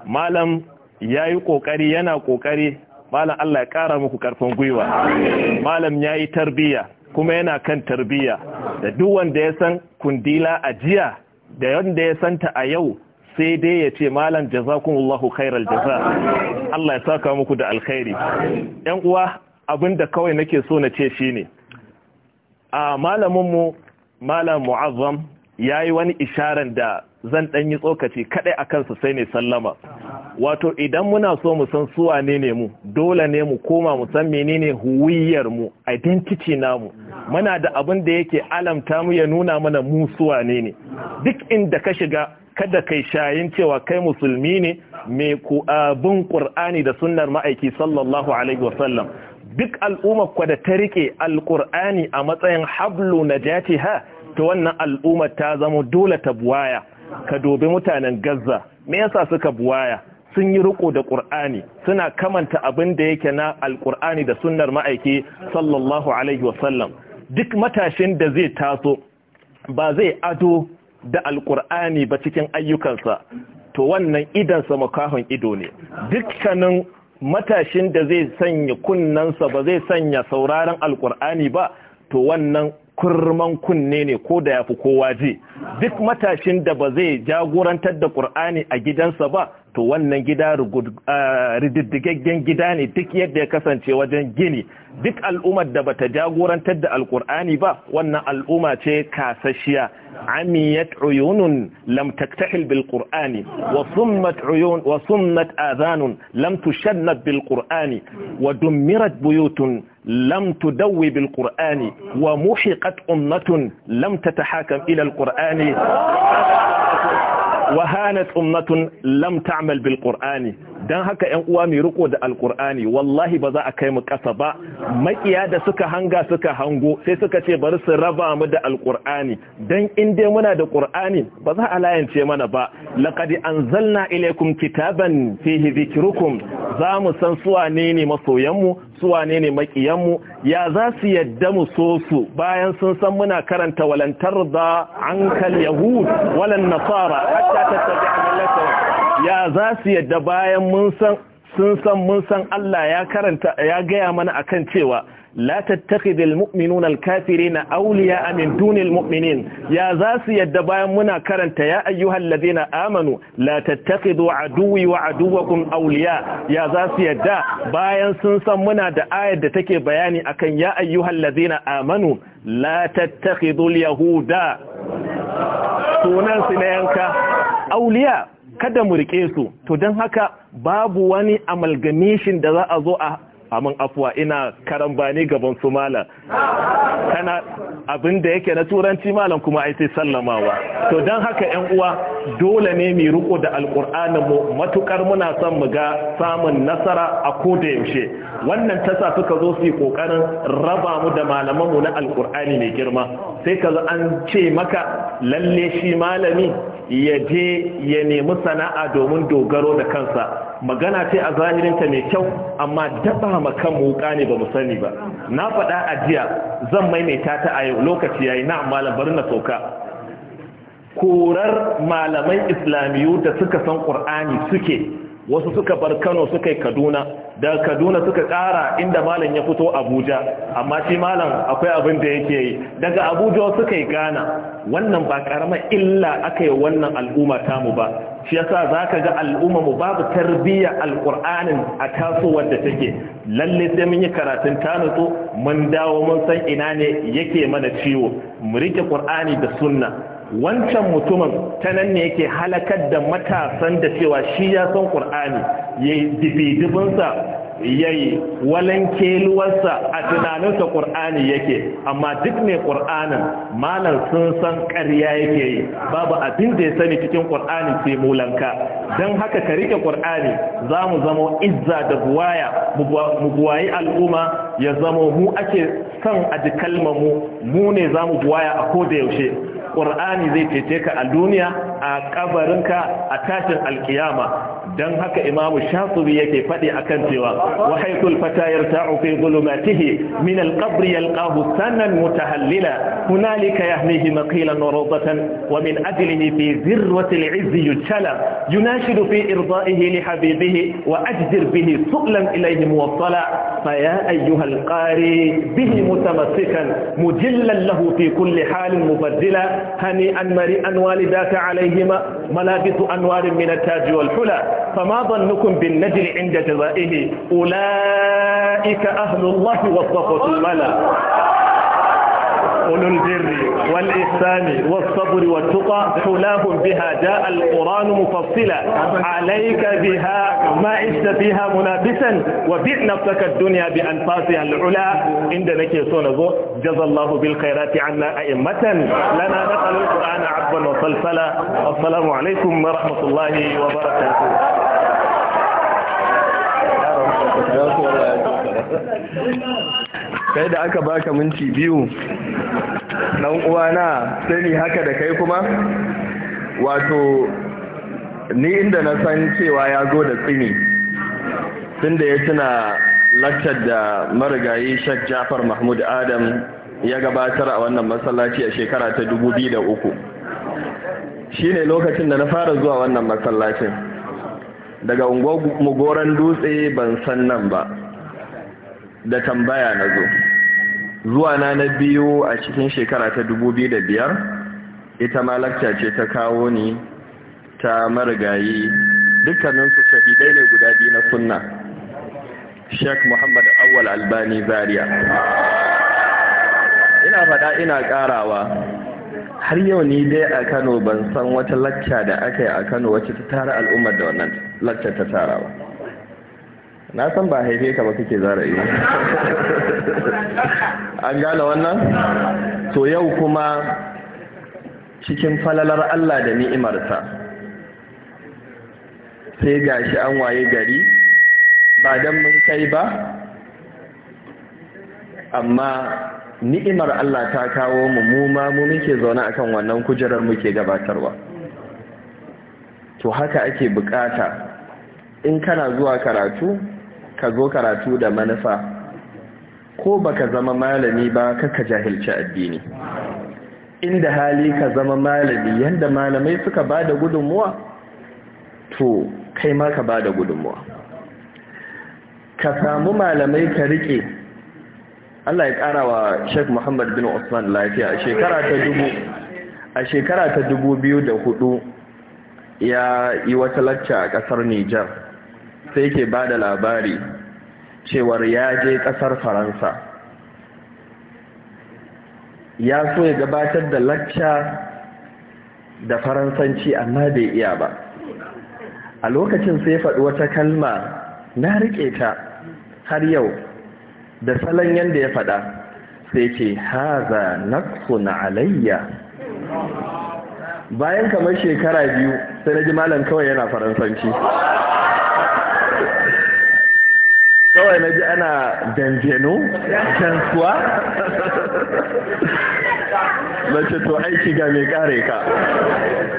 A: malam ya yi kokari yana kokari malam Allah ya kara muku karfin gwiwa malam ya yi tarbiyya. kuma yana kan tarbiyya da duk wanda ya san kundila a jiya da wanda ya santa a yau sai dai ya ce malam jazakumullahu khairal jaza Allah ya saka muku da alkhairi yan uwa abinda kawai nake so na ce shine a malamin mu malam muazzam yayi wani isharar da zan dan yi tsokaci kadai akan sa sai ne sallama wato idan muna so mu san su wane ne mu dole ne mu koma mu san menene huwiyar mu identity namu muna da abin da yake alamta mu ya nuna mana mu su wane ne duk inda ka shiga kada kai shayin cewa kai musulmi ne mai abin qur'ani da sunnar ma'aiki sallallahu alaihi wasallam duk al'ummar kwa da ta rike alqur'ani a matsayin hablu najatiha to wannan al'umma ta zama dole ta buwaya ka dobi mutanen gazza me yasa suka buwaya sun yi riko da ƙur'ani suna kamanta abin da yake na alƙur'ani da sunnar ma'aiki sallallahu alaihi wasallam duk matashin da zai taso ba zai ado da alƙur'ani ba cikin ayyukansa to wannan idansa makahon ido ne dukkanin matashin da zai sanya kunnansa ba zai sanya sauraron alƙur'ani ba to wannan kurman kunne ne ko da ya fi kowa je duk matashin da ba zai jagorantar da ƙur'ani a gidansa ba to wannan gida rididdigaggen gida ne duk yadda ya kasance wajen gini duk al'ummar da bata jagorantar da alƙur'ani ba wannan al'umma ce kasashiya amiyat uyunun lam taktahil bil qur'ani wa summat uyun wa summat adhanun lam tushannat bil qur'ani wa buyutun لم تدوي بالقرآن ومحقت أمة لم تتحاكم إلى القرآن وهانت أمة لم تعمل بالقرآن don haka ‘yan uwa mai riko da alkur'ani wallahi ba za a kai mu ƙasa ba makiya da suka hanga suka hango sai suka ce bari su raba mu da alkur'ani don in dai muna da ƙur'ani ba za a layance mana ba laƙadi an zalna ilaikum kitaban fihi zikirukum za mu san suwa ne ne masoyanmu suwa ne ne makiyanmu ya za su yadda mu so su bayan sun san muna karanta walantar da Ankal yahud walan nasara hatta
B: tattabi
A: ya za su yadda bayan mun san sun san mun san Allah ya gaya mana akan cewa la tattakhidul mu'minuna al-kafirina auliya a dunil mu'minin ya za su yadda bayan muna karanta ya ayyuhal ladina amanu la tattakhidu aduwi wa aduwakum awliya ya za su yadda bayan sun san muna da ayar da take bayani akan ya ayyuhan ladina amanu la tattakhidul yahuda sunan su ne yanka awliya kada mu rike su to don haka babu wani amalgamishin da za a zo a amin afuwa ina karambani gaban su mala kana abin da yake na turanci malam kuma ai sai sallamawa to don haka yan uwa dole ne mu riko da alkur'anin mu matukar muna son mu ga samun nasara a koda yaushe wannan tasa suka zo su yi kokarin raba mu da malaman mu na alkur'ani mai girma sai kaza an ce maka lalle shi malami ya je ya nemi sana'a domin dogaro da kansa magana ce a zahirinta mai kyau amma daba makan wuka ne ba mu sani ba na faɗa a jiya zan maimaita ta a yau lokaci yayi na malam bari na soka korar malaman islamiyu da suka san qur'ani suke wasu suka bar Kano suka yi Kaduna da Kaduna suka ƙara inda malam ya fito Abuja amma shi malam akwai abin da yake yi daga Abuja suka yi Ghana wannan ba karamar illa aka yi wannan al'umma tamu ba shi yasa zaka ga al'umma mu babu tarbiyyar alqur'anin a tasowar da take lalle sai mun yi karatun nutsu, mun dawo mun san ina ne yake mana ciwo mu rike qur'ani da sunna wancan mutumin ta nan ne yake halakar da matasan da cewa shi ya san ƙur'ani ya yi dibidibinsa ya yi walankeluwarsa a tunaninsa ƙur'ani yake amma duk ne ƙur'anin malar sun san ƙarya yake yi babu abin da ya sani cikin ƙur'ani sai mulanka don haka ka rike ƙur'ani za mu zama izza da buwaya mu buwayi al'umma ya zama mu ake san a ji mu mu ne za mu buwaya a koda yaushe ƙur'ani zai cece ka a duniya a ƙabarinka a tashin alkiyama dan haka imam shatibi yake faɗi akan cewa wa haythul fata yarta'u fi dhulumatihi min al-qabr yalqahu sanan mutahallila hunalika yahmihi maqilan wa rawdatan wa min ajlihi fi zirwati al-'izz yujhala yunashidu fi irdaihi li habibihi wa ajdir bihi su'lan ilayhi muwassala fa ya ayyuha al-qari bihi mutamassikan mujillan lahu fi kulli halin mubaddila hani an mari an walidaka alayhima malabisu anwarin min at-taj wal-hula فما ظنكم بالنجل عند جزائه
C: أولئك
A: أهل الله وصفة الملا أولو البر والإحسان والصبر والتقى حلاهم بها جاء القرآن مفصلا عليك بها ما عشت فيها منافسا وبع نفسك الدنيا بأنفاسها العلا عندنا كيسون ذو جزى الله بالخيرات عنا أئمة لنا نقل القرآن عبدا وصلصلا السلام عليكم ورحمة الله وبركاته Thank you. kai da aka baka minti biyu dan uwana sai ni haka da kai kuma wato ni inda na san cewa ya zo da tsini Tun da ya tuna lakcar da marigayi shak Jafar Mahmud Adam ya gabatar a wannan masallaci a shekara ta da 2003 ne lokacin da na fara zuwa wannan masallacin daga unguwar goron dutse ban san nan ba da tambaya na zo zuwa na na biyu a cikin shekara ta da biyar, ita ma lakca ce ta kawo ni ta marigayi dukkaninsu shahidai ne guda biyu na sunna sheikh muhammad awal albani zaria ina faɗa ina ƙarawa har yau ni dai a kano ban san wata lakca da aka yi a kano wacce ta tara al'ummar da wannan lacca ta tarawa. ba na san ba haife ka ba kake zara yi an gane wannan to yau kuma cikin falalar Allah da ni'imarsa sai gashi an waye gari ba dan mun kai ba amma ni'imar Allah ta kawo mu mu ma mu muke zaune akan wannan kujerar muke gabatarwa to haka ake bukata in kana zuwa karatu ka zo karatu da manufa ko baka zama malami ba kaka jahilci addini inda hali ka zama malami yanda malamai suka ba da gudunmuwa to kai ma ka ba da gudunmuwa ka samu malamai ka rike Allah ya ƙara wa Sheikh Muhammad bin Usman lafiya a shekara ta dubu a shekara ta dubu biyu da hudu ya yi wata lacca a ƙasar Nijar sai yake ba da labari cewar ya je ƙasar faransa ya so ya gabatar da lacca da faransanci amma bai iya ba a lokacin sai faɗi wata kalma na riƙe ta har yau da salon yadda ya faɗa sai ce haza na alayya
B: bayan kamar shekara biyu
A: sai na ji malam kawai yana faransanci kawai na ji ana danjenu tansuwa bace to aiki ga mai kare ka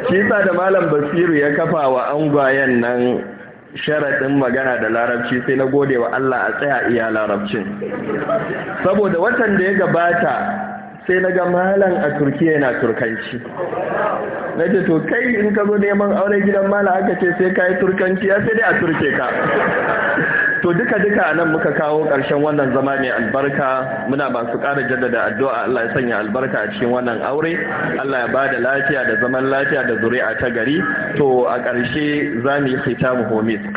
A: Kisa da malam basiru ya kafa wa angwayen nan sharaɗin magana da larabci sai na gode wa Allah a tsaya iya larabcin saboda watan da ya gabata sai na ga malam a turkiya yana turkanci na ce to kai in ka zo neman aure gidan malam aka ce sai ka yi turkanci ya sai dai a turke ka to duka-duka a nan muka kawo ƙarshen wannan zama mai albarka muna masu ƙara jaddada addu'a Allah ya sanya albarka a cikin wannan aure Allah ya ba da lafiya da zaman lafiya da zuri'a ta gari to a ƙarshe za mu yi khitamu homisk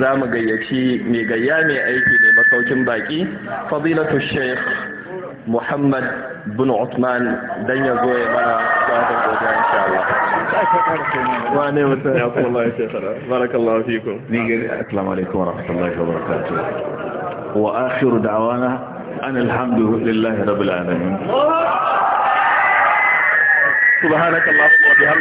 A: za mu gayyaci mai gayya mai aiki mai masaukin baƙi. fadilatu sheikh محمد بن عثمان دنيا زوي مانا سادم بوجا إن شاء
B: الله ما نعم يا الله
A: يا بارك الله فيكم نيجي السلام عليكم ورحمة الله وبركاته وآخر دعوانا أن الحمد لله رب العالمين سبحانك اللهم وبحمدك